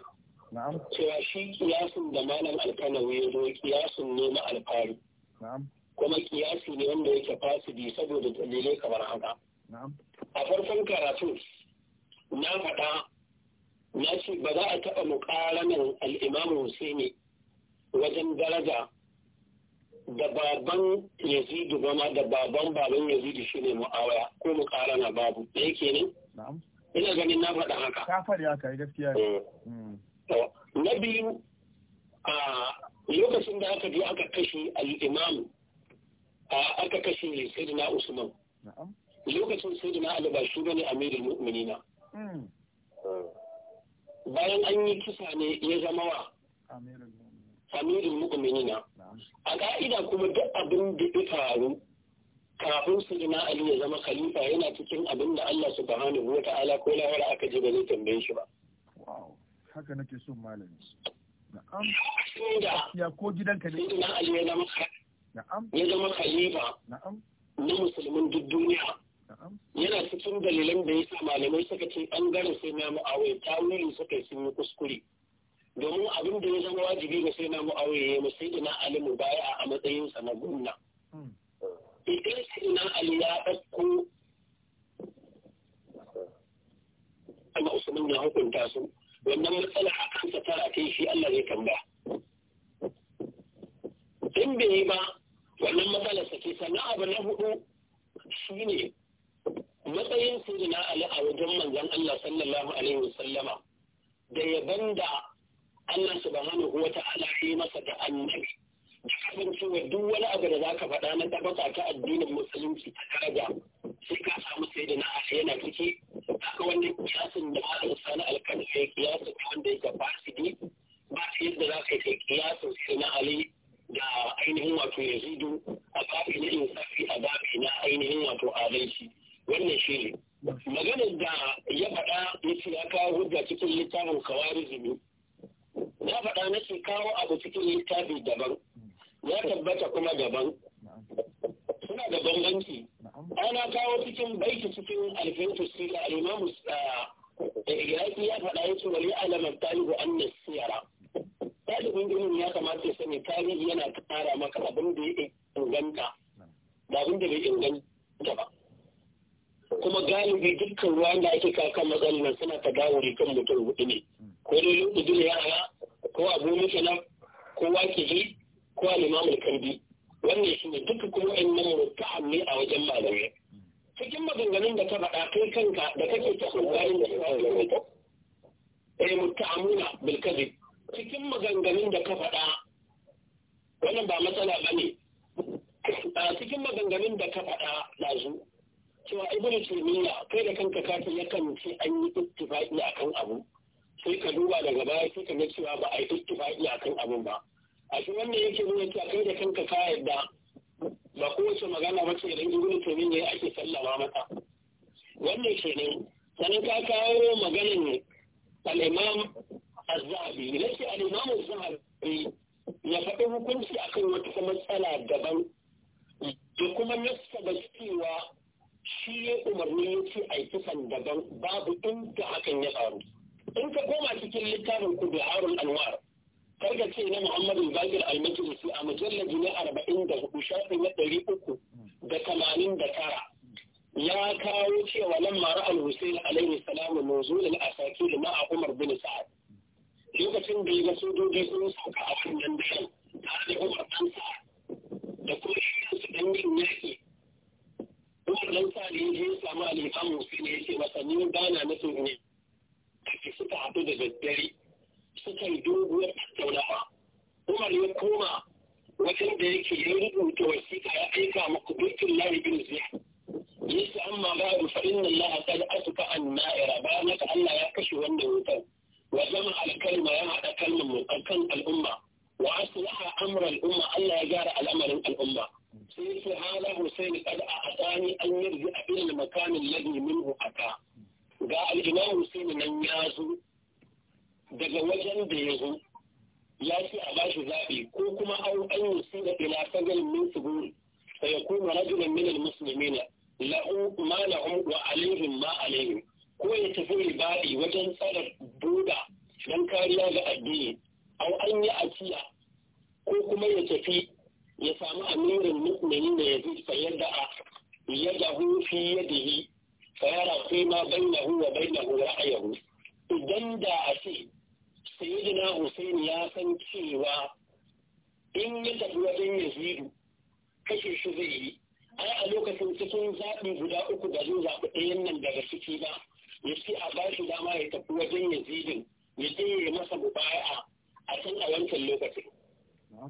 Na'am. Cewa shi kiyasin da malam Alkanawi ya zo kiyasin nema alfari. Na'am. kuma kiyasi ne wanda yake fasidi saboda dalilai kamar haka a farkon karatu na faɗa na ce ba za a taɓa muƙaranan al'imamu Husaini wajen daraja da baban Yazidu ba ma da baban baban Yazidu shi ne mu'awaya ko muƙarana babu da yake ne? Ina ganin na faɗa haka. Ta faɗi haka gaskiya eh. hmm. Na biyu a lokacin da aka je aka kashe al'imamu aka kashe sayyidina usman lokacin sayyidina ali ba shi bane amirul mu'minina hmm. bayan an yi kisa ne ya zama wa amirul mu'minina a ka'ida kuma duk abin da ya faru kafin sayyidina ali ya zama khalifa yana cikin abin da Allah subhanahu wa ta'ala ko lawara aka ji ba zai tambaye shi ba haka nake so malami da ya ko gidanka ne sayyidina ali ya zama khalifa ya zama khalifa na musulmin duk duniya yana cikin dalilan da ya sa malamai suka ce ɓangaren sai na mu'awai ta wuri suka yi sun yi kuskure domin abin da ya zama wajibi ga sai na mu'awai ya musu ina alimu baya a matsayinsa na gunna hmm. idan sai ina ali ya ɗauko a usman ya hukunta su wannan matsala a kansa tana kai shi Allah zai tambaya in bai yi ba wannan matsalar sa ke sannan abu na hudu shine matsayin sirina ali a wajen manzon Allah sallallahu alaihi wasallama da yaban da Allah subhanahu wa ta'ala yi masa da annabi da kasancewa duk wani abu da zaka faɗa na tabbata ta addinin musulunci ta daraja sai ka samu sai da yana ciki haka wannan kiyasin da malam sani alkan sai kiyasin wanda yake fasidi ba yadda za ka yi kiyasin sai na ali da ainihin wato yazidu a babi na insafi a babi na ainihin wato adalci wannan shi ne maganar da ya faɗa ya ce ya kawo hujja cikin littafin kawarizmi na faɗa na ce kawo abu cikin littafi daban ya tabbata kuma daban suna da bambanci ana kawo cikin baiki cikin alfintu sila alimamu da eh, iraki ya faɗa ya ce wali alamar talibu an nasiyara ɗalibin ilimi ya kamata ya sani tarihi yana ƙara maka abin da ya inganta da abin da bai inganta ba kuma galibi dukkan ruwan da ake kakan matsalar nan suna ta dawuri kan mutum hudu ne ko lulu idil ya haya ko abu nan ko ji ko alimamul kandi wannan shi ne duka kuma in nan mutum ne a wajen malamai cikin maganganun da ka faɗa kai kanka da kake ta kokarin da ya faɗa eh mutamuna amuna kadhib cikin maganganun da ka faɗa wannan ba matsala ba ne a cikin maganganun da ka faɗa lazu cewa ibn tumiya kai da kanka ka san yakan ce an yi ittifaqi akan abu sai ka duba daga baya sai ka ga cewa ba a yi ittifaqi akan abun ba a shi wannan yake nuna cewa kai da kanka ka yarda ba kowace magana ba ce idan ibn ya ake sallama mata wannan ne sanin ka kawo maganin al-imam azzabi nake al-imam zahabi ya faɗi hukunci akan wata matsala daban da kuma nassa cewa shi ya umarni ya ce a yi daban babu inda hakan ya faru in ka koma cikin littafin ku da harun anwar ce na muhammadu bakir almajalisi a mujallaji na arba'in da hudu shafi na ɗari uku da tamanin da tara ya kawo cewa lamma ra'al husain alaihi salamu nuzulul asakil ma'a umar bin sa'ad lokacin da ya ga sojoji sun sauka a wannan daren tare da umar ɗansa da kuma irin su yin yaƙi umar ɗansa da ya je ya samu al'imamu ne ya ce masa ni gana na nufin ne kafin suka haɗu da daddare suka yi doguwar tattaunawa umar ya koma wajen da yake ya rubuta wasiƙa ya aika ma kubaitun lari bin ziyar yasa amma ba'u fa inna a qad asuka an na'ira ba maka allah ya kashe wannan wutar wa jama al-kalma ya haɗa kalmar kan al'umma wa aslaha amr al-umma Allah ya gyara al'amarin al'umma sai su hala Hussein kada a asani an yarda a ilmi makamin ladhi minhu aka ga al-imam Hussein nan ya zo daga wajen da ya zo ya ci a bashi zaɓi ko kuma an an da ila fadl min subur fa yakunu rajulan min al-muslimin La'u, ma la'u, wa alaihim ma alaihim ko ya tafi ribadi wajen tsara boda don kariya ga addini au an yi akiya ko kuma ya tafi ya samu amirin mutumin da ya zufa yadda a yadda hu fi yadihi fa yara fi ma na wa a ra'ayahu idan da a ce sayyidina Hussein ya san cewa in ya tafi wajen Yazidu kashe shi zai yi ai a lokacin cikin zaɓi guda uku da zai zaɓi ɗayan nan daga ciki ba ya ce a bashi dama ya tafi wajen yazidin ya je ya masa mubaya'a a can a wancan lokacin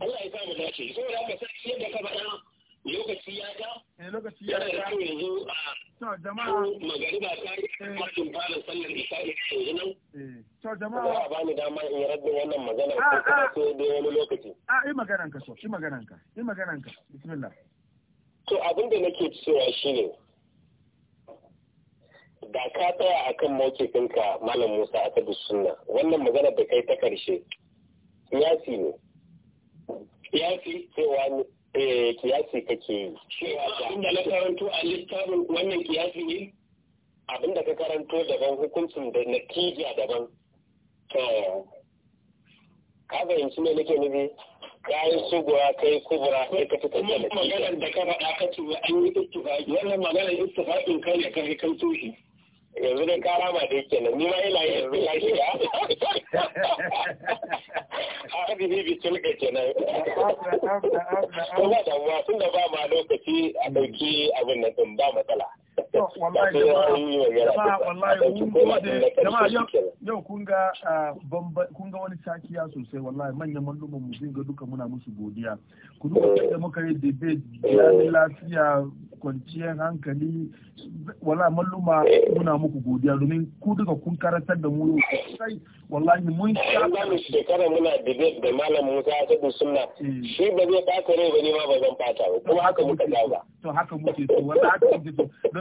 Allah ya sa mu dace saboda ka sai yadda ka faɗa lokaci ya ta eh, lokaci ya ta yanzu a jama'a magariba ta yi fara sallar isha'i da yanzu nan eh, to jama'a ba ni dama in rabbi wannan magana ah, ko ta ko da wani lokaci a ah, yi maganan ka so yi maganan ka yi maganan ka bismillah to abin da nake cewa shine da ka tsaya a kan mawukifinka malam musa a tabi sunna wannan magana da kai ta karshe kiyasi ne kiyasi cewa eh kiyasi kake yi abinda na karanto a littafin wannan kiyasi ne abin da ka karanto daban hukuncin da natija daban to ka fahimci me nake nufi kayi sugura kai kubura kai ka fita da maganar da ka faɗa ka ce an yi istifa wannan maganar ittifaqin kai ne kai kan toshi yanzu dai kara ma dai kenan ni ma ina yanzu ya shiga hadi ne bi tilka kenan kuma da tun da ba ma lokaci a dauki abin nan din ba matsala yau kun wani sakiya sosai wallahi manyan malluman mu zai duka muna musu godiya ku duka eh. da muka yi debate jami eh. lafiya kwanciyar hankali wala malluma eh. muna muku godiya domin ku duka kun karantar da mu sosai wallahi mun sha shekara muna debate da malam Musa Asadu Sunna shi ba zai bata rai ba ma ba zan fata ba kuma haka muka ga to haka muke wallahi haka muke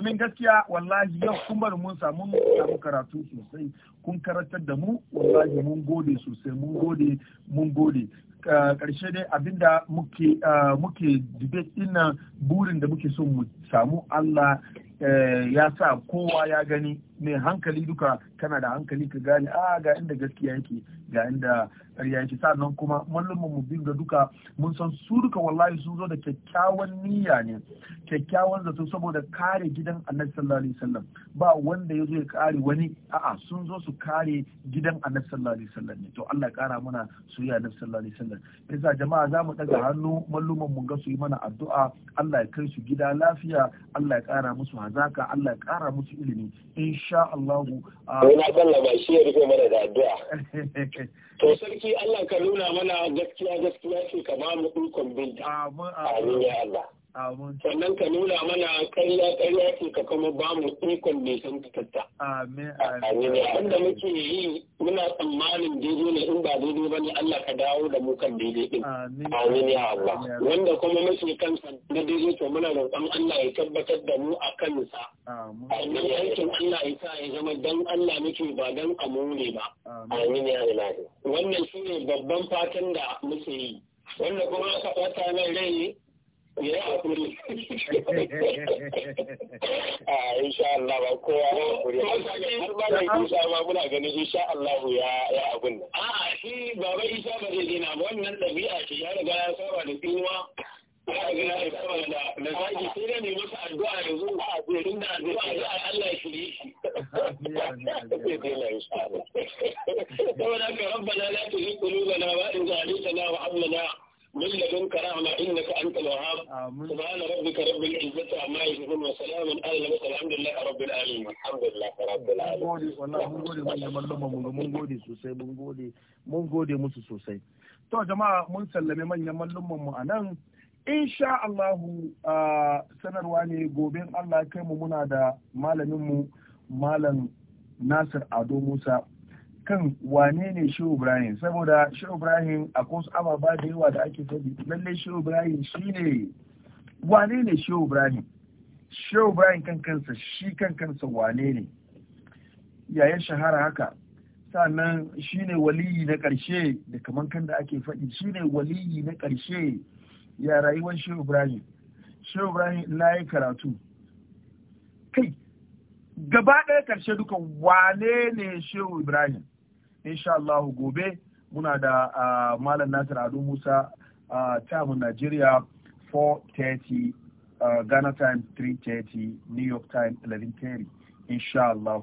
domin gaskiya wallahi yau kun bar mun samu samu karatu sosai kun karantar da mu wallahi mun gode sosai mun gode mun gode karshe dai abinda muke muke debate din burin da muke so mu samu Allah eh, ya sa kowa ya gani mai hankali duka kana da hankali ka gane a ah, ga inda gaskiya yake ga inda ƙarya yake sannan kuma mallumin mu biyu da duka mun san su duka wallahi sun zo da kyakkyawan niyya ne kyakkyawan zato saboda kare gidan annabi sallallahu alaihi wasallam ba wanda ya zo ya kare wani a'a sun zo su kare gidan annabi sallallahu alaihi wasallam ne to Allah ya kara mana soyayya annabi sallallahu alaihi wasallam yasa jama'a za mu daga hannu mallumin mu ga su yi mana addu'a Allah ya kai su gida lafiya Allah ya kara musu hazaka Allah ya kara musu ilimi in insha Allah ko na shi ya rufe mana da addu'a [laughs] to sarki Allah ka nuna mana gaskiya gaskiya ce ka ba mu dukkan bin amin ya Allah sannan ka nuna mana karya karya ce ka kuma ba mu ikon mai san tatta. Amin. Abin da muke yi muna tsammanin daidai ne in ba daidai ba ne Allah ka dawo da mu kan daidai ɗin. Amin ya Allah. Wanda kuma muke kansa na daidai to muna roƙon Allah ya tabbatar da mu a kansa. Amin. Aikin Allah ya sa ya zama dan Allah muke ba dan amure ba. Amin ya Wannan shi ne babban fatan da muke yi. Wanda kuma ka ɓata mai rai ya haƙuri a insha Allah ba kowa ya haƙuri ba ga Isa ma muna ganin insha Allah ya ya abun a shi baba Isa ba zai dina wannan ɗabi'a ce ya riga ya saba da tsinuwa ya riga ya saba da da zaki sai dai addu'a a ya ya wa من لدنك رحمة إنك أنت الوهاب سبحان ربك رب العزة عما يصفون وسلام على المرسلين الحمد لله رب العالمين الحمد لله رب العالمين والله من gode mun mallama من mun سوسي من mun من mun من musu sosai to jama'a mun sallame manyan malluman mu anan insha Allah sanarwa ne gobe Allah kai mu muna da malamin mu malam Nasir Ado Musa kan wane ne shehu ibrahim saboda shehu ibrahim a kusa ababa da yawa da ake sabi lallai shehu ibrahim shi ne wane ne shehu ibrahim shehu ibrahim kan kansa shi kan kansa wane ne yayin shahara haka sannan shi ne waliyi na ƙarshe da kaman kan da ake faɗi shi ne waliyi na ƙarshe ya rayuwar shehu ibrahim shehu ibrahim na yi karatu kai gaba ɗaya ƙarshe duka wane ne shehu ibrahim insha Allah gobe muna da malam Nasir Ado Musa tamu nigeria 4:30 Ghana time 3:30 New York time 11:30 insha Allah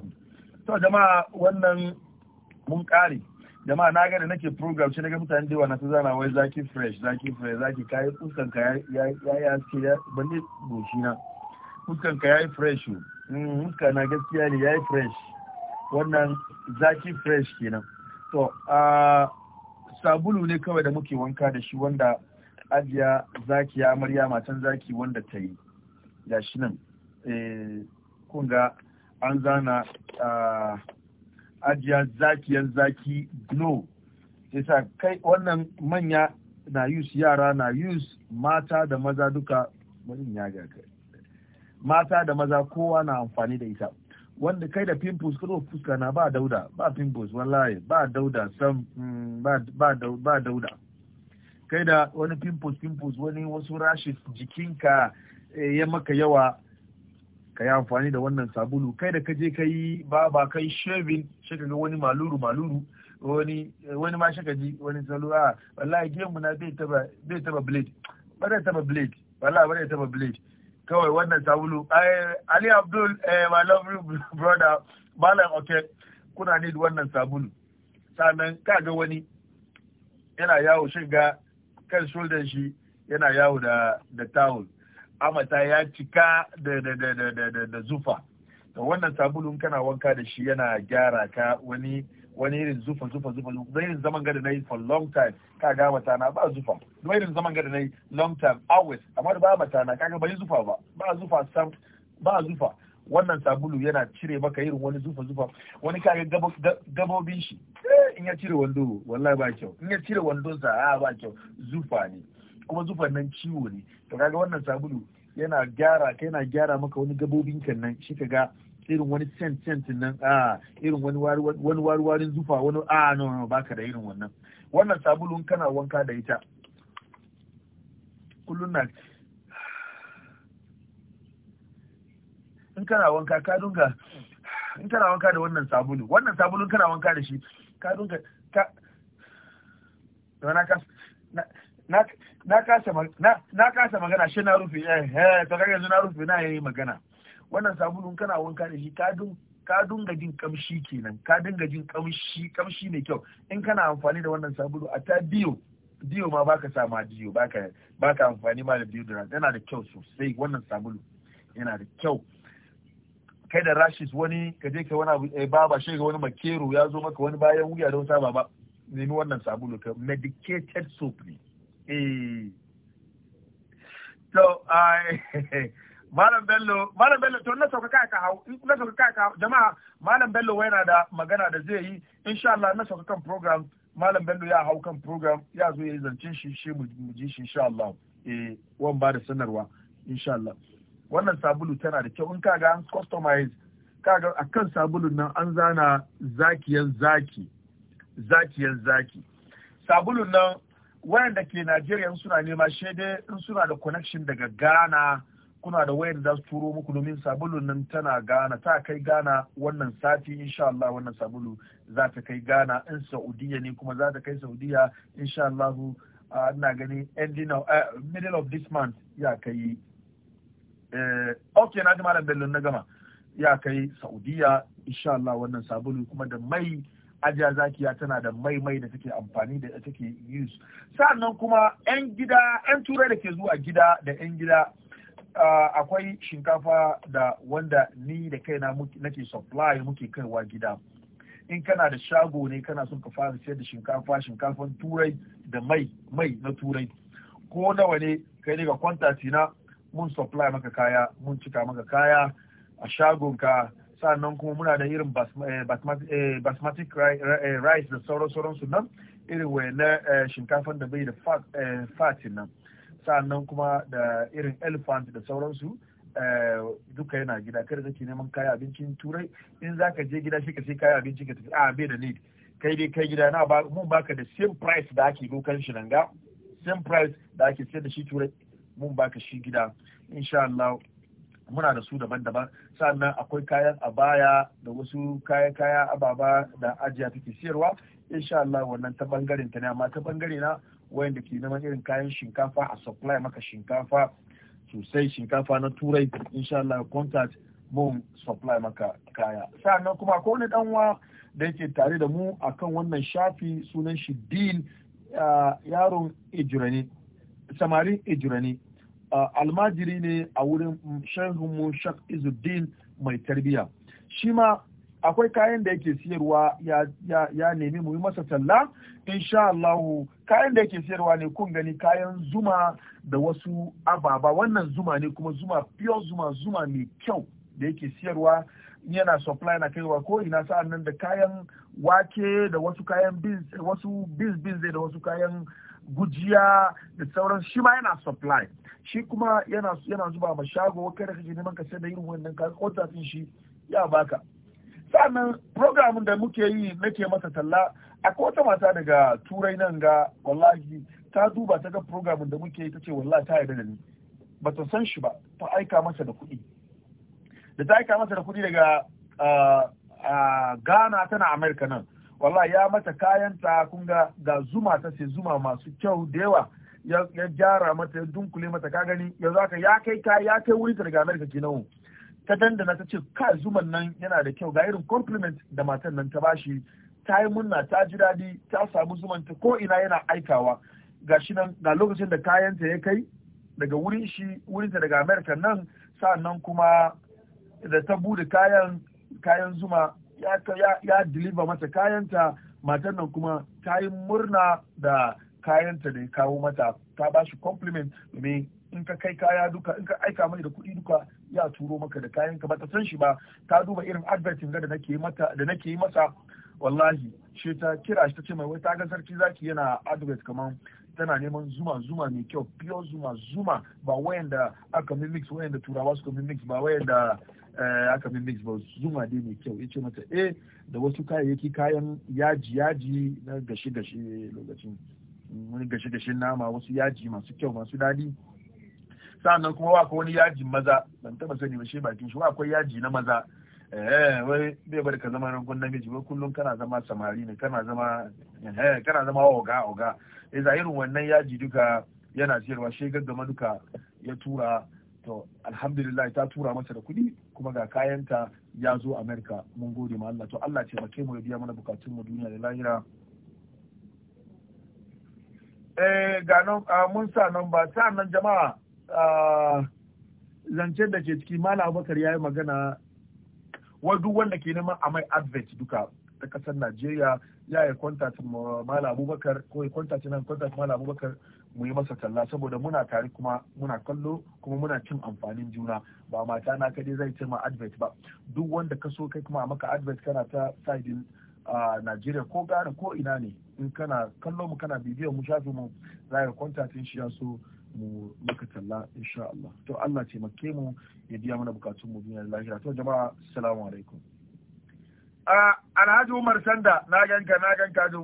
to jama'a wannan mun kare jama'a na ga da nake program shi daga mutane da na zana wai zaki fresh zaki fresh zaki kai fuskan ka ya ya ce ya bane goshi na fuskan ka yayi fresh mm, fuskan na gaskiya ne yayi fresh wannan zaki fresh kenan to a sabulu ne kawai da muke wanka da shi wanda ajiya zaki ya amarya matan zaki wanda ta yi ga shi nan eh, kunga an zana ajiya zakiyar zaki glo yasa kai wannan manya na yus yara na yus mata da maza duka ya mata da maza kowa na amfani da ita wanda kai da pimples kuma fuska na ba dauda ba pimples wallahi ba dauda sam mm, ba dauda kai da wani pimples pimples wani wasu rashi jikinka eh, ya maka yawa ka yi amfani da wannan sabulu kai da kaje ka yi ba ba kai shaving shi ga wani maluru maluru wani wani ma ji wani salo a ah, wallahi gemu na bai taba bai taba blade ba taba blade wallahi bai taba blade kawai wannan sabulu ali abdul eh, my brother malam oke kuna need wannan sabulu sannan ga wani yana yawo shiga kan shoulder shi yana yawo da da towel amata ya cika da da da da da zufa to wannan sabulu kana wanka da shi yana gyara ka wani wani irin zufa zufa zufa don irin zaman gada na yi for long time ka ga matana ba zufa don irin zaman gada na yi long time always amma da ba matana na kaga bai zufa ba ba zufa sam ba zufa wannan sabulu yana cire maka irin wani zufa zufa wani kaga gabobin shi eh, in ya cire wando wallahi ba kyau in ya cire wando sa a ba kyau zufa ne kuma zufan nan ciwo ne to kaga wannan sabulu yana gyara kai yana gyara maka wani gabobin kan nan shi ka ga. irin wani cancant nan a irin wani wani warwarin zufa wani a no no baka da irin wannan wannan sabulun kana wanka da ita kullun na [sighs] in kana wanka ka dunga [sighs] in kana wanka da wannan sabulu wannan sabulun kana wanka da shi ka dunga ka na ka na kasa magana shi na rufe eh eh to kaga yanzu na rufe na yayi magana wannan sabulun kana wanka da shi ka dunga jin kamshi kenan ka dinga jin kamshi kamshi mai kyau in kana amfani da wannan sabulu a ta biyu biyu ma baka sa ma biyu baka baka amfani ma da biyu yana da kyau sosai wannan sabulu yana da kyau kai da rashis wani ka je ka wani abu eh, baba shi ga wani makero ya zo maka wani bayan wuya da wata baba nemi wannan sabulu ka medicated soap ne eh so i [laughs] Malam Bello, Malam Bello to na sauka kai ka hau, na sauka kai ka jama'a Malam Bello yana da magana da zai yi insha Allah na sauka kan program Malam Bello ya hau kan program ya zo ya yi zancen shi shi mu ji shi insha Allah. Eh wan ba da sanarwa insha Allah. Wannan sabulu tana da kyau in kaga an customize kaga akan sabulun nan an zana zakiyan zaki zakiyan zaki. Sabulun nan wayanda ke Najeriya suna nema shede in suna da connection daga Ghana kuna da wayar da su turo muku domin sabulu nan tana gana ta kai gana wannan sati insha Allah wannan sabulu za ta kai gana in Saudiya ne kuma za ta kai Saudiya insha Allah ina gani ending of middle of this month ya kai eh okay na ji malam Bello na gama ya kai Saudiya insha Allah wannan sabulu kuma da mai ajiya zakiya tana da mai mai da take amfani da take use sannan kuma 'yan gida 'yan turai da ke zuwa gida da 'yan gida Ah, akwai shinkafa da wanda ni da kaina nake supply muke kaiwa gida in kana da shago ne kana son ka fara siyar da shinkafa shinkafan turai da mai mai na turai ko nawa ne kai ne ga kwantati na mun supply maka kaya mun cika maka kaya a shagonka sannan kuma muna da irin eh, eh, basmati eh, rice da sauran sauransu nan irin na shinkafan da bai da fat nan Sannan kuma da irin elephant da sauransu eh, duka yana gida kada kake neman kayan abincin turai in za ka je gida shi ka sai kayan abinci ka tafi a ah, bai da need kai dai kai gida na ba mun baka da same price da ake dokan shi nan ga same price da ake sayar da shi turai mun baka shi gida insha Allah muna da su daban-daban sannan akwai kayan abaya da wasu kaya kaya ababa da ajiya take siyarwa insha Allah wannan ta bangaren ta ne amma ta bangare na wanda ke zama irin kayan shinkafa a supply maka shinkafa sosai shinkafa na turai insha Allah contact mun supply maka kaya sa'annan kuma ko wani danwa da yake tare da mu akan wannan shafi sunan shi din yaron ijirani samarin ijirani almajiri ne a wurin shehu mu shak izuddin mai tarbiyya shi ma akwai kayan da yake siyarwa ya nemi mu yi masa talla insha Allah kayan da yake siyarwa ne kun gani kayan zuma da wasu ababa wannan zuma ne kuma zuma pure zuma zuma mai kyau da yake siyarwa yana supply na kaiwa ko ina sa'an nan da kayan wake da wasu kayan biz wasu da wasu kayan gujiya da sauran shi ma yana supply shi kuma yana yana zuba ma shago kai da kake neman ka sai da irin wannan kayan shi ya baka sannan program da muke yi nake masa talla akwai wata mata daga turai nan ga wallahi ta duba ta ga program da muke yi ta ce wallahi ta yarda da ni ba ta san shi ba ta aika masa da kuɗi da ta aika masa da kuɗi daga Ghana tana Amerika nan wallahi ya mata kayanta kun ga ga zuma ta ce zuma masu kyau da yawa ya gyara mata ya dunkule mata ka gani yanzu haka ya kai ka ya kai wuri daga Amerika kenan ta dandana ta ce ka zuman nan yana da kyau ga irin compliment da matan nan ta bashi ta yi murna ta ji daɗi ta samu zuman ta ko ina yana aikawa ga shi nan ga lokacin da kayanta ya kai daga wurin shi wurin ta daga America nan nan kuma da ta bude kayan kayan zuma ya ya deliver mata kayanta matan nan kuma ta yi murna da kayanta da ya kawo mata ta bashi compliment domin in ka kai kaya duka in ka aika mai da kuɗi duka ya turo maka da kayan ka bata san shi ba ta duba irin advertin da nake mata da nake yi masa wallahi she ta kira shi ta ce mai wai ta ga sarki zaki yana advert kaman tana neman zuma zuma mai kyau pure zuma zuma ba wayanda aka mimix wayanda turawa suka mimix ba wayanda eh, aka mimix ba zuma dai mai kyau yace mata eh da wasu kayayyaki kayan yaji yaji na gashi gashi lokacin wani gashi gashi nama wasu yaji masu kyau masu dadi sannan kuma wa ko wani yaji maza ban taba sani ba shi bakin shi wa akwai yaji na maza eh wai bai bar ka zama rangon namiji wai kullum kana zama samari ne kana zama eh kana zama oga oga eh za wannan yaji duka yana siyarwa shi gaggama duka ya tura to alhamdulillah ta tura masa da kuɗi kuma ga kayanta ya zo america mun gode ma Allah to Allah ce mu mu biya mana bukatun mu duniya da lahira eh ga ah, mun sa nan ba sa nan jama'a zancen da ke ciki malam abubakar ya yi magana wa duk wanda ke neman a mai advert duka ta kasar najeriya ya yi contact malam abubakar ko ya contact nan contact malam abubakar mu yi masa talla saboda muna tare kuma muna kallo kuma muna cin amfanin juna ba mata na kaɗai zai ce ma advert ba duk wanda ka so kai kuma a maka advert kana ta saidin a najeriya ko gara ko ina ne in kana kallo mu kana bidiyon mu shafi mu za ka contact shi ya so mu maka talla insha Allah to Allah ce makke mu ya biya mana bukatun mu duniya lahira to jama'a assalamu alaikum a ah, Alhaji Umar Sanda na ganka na ganka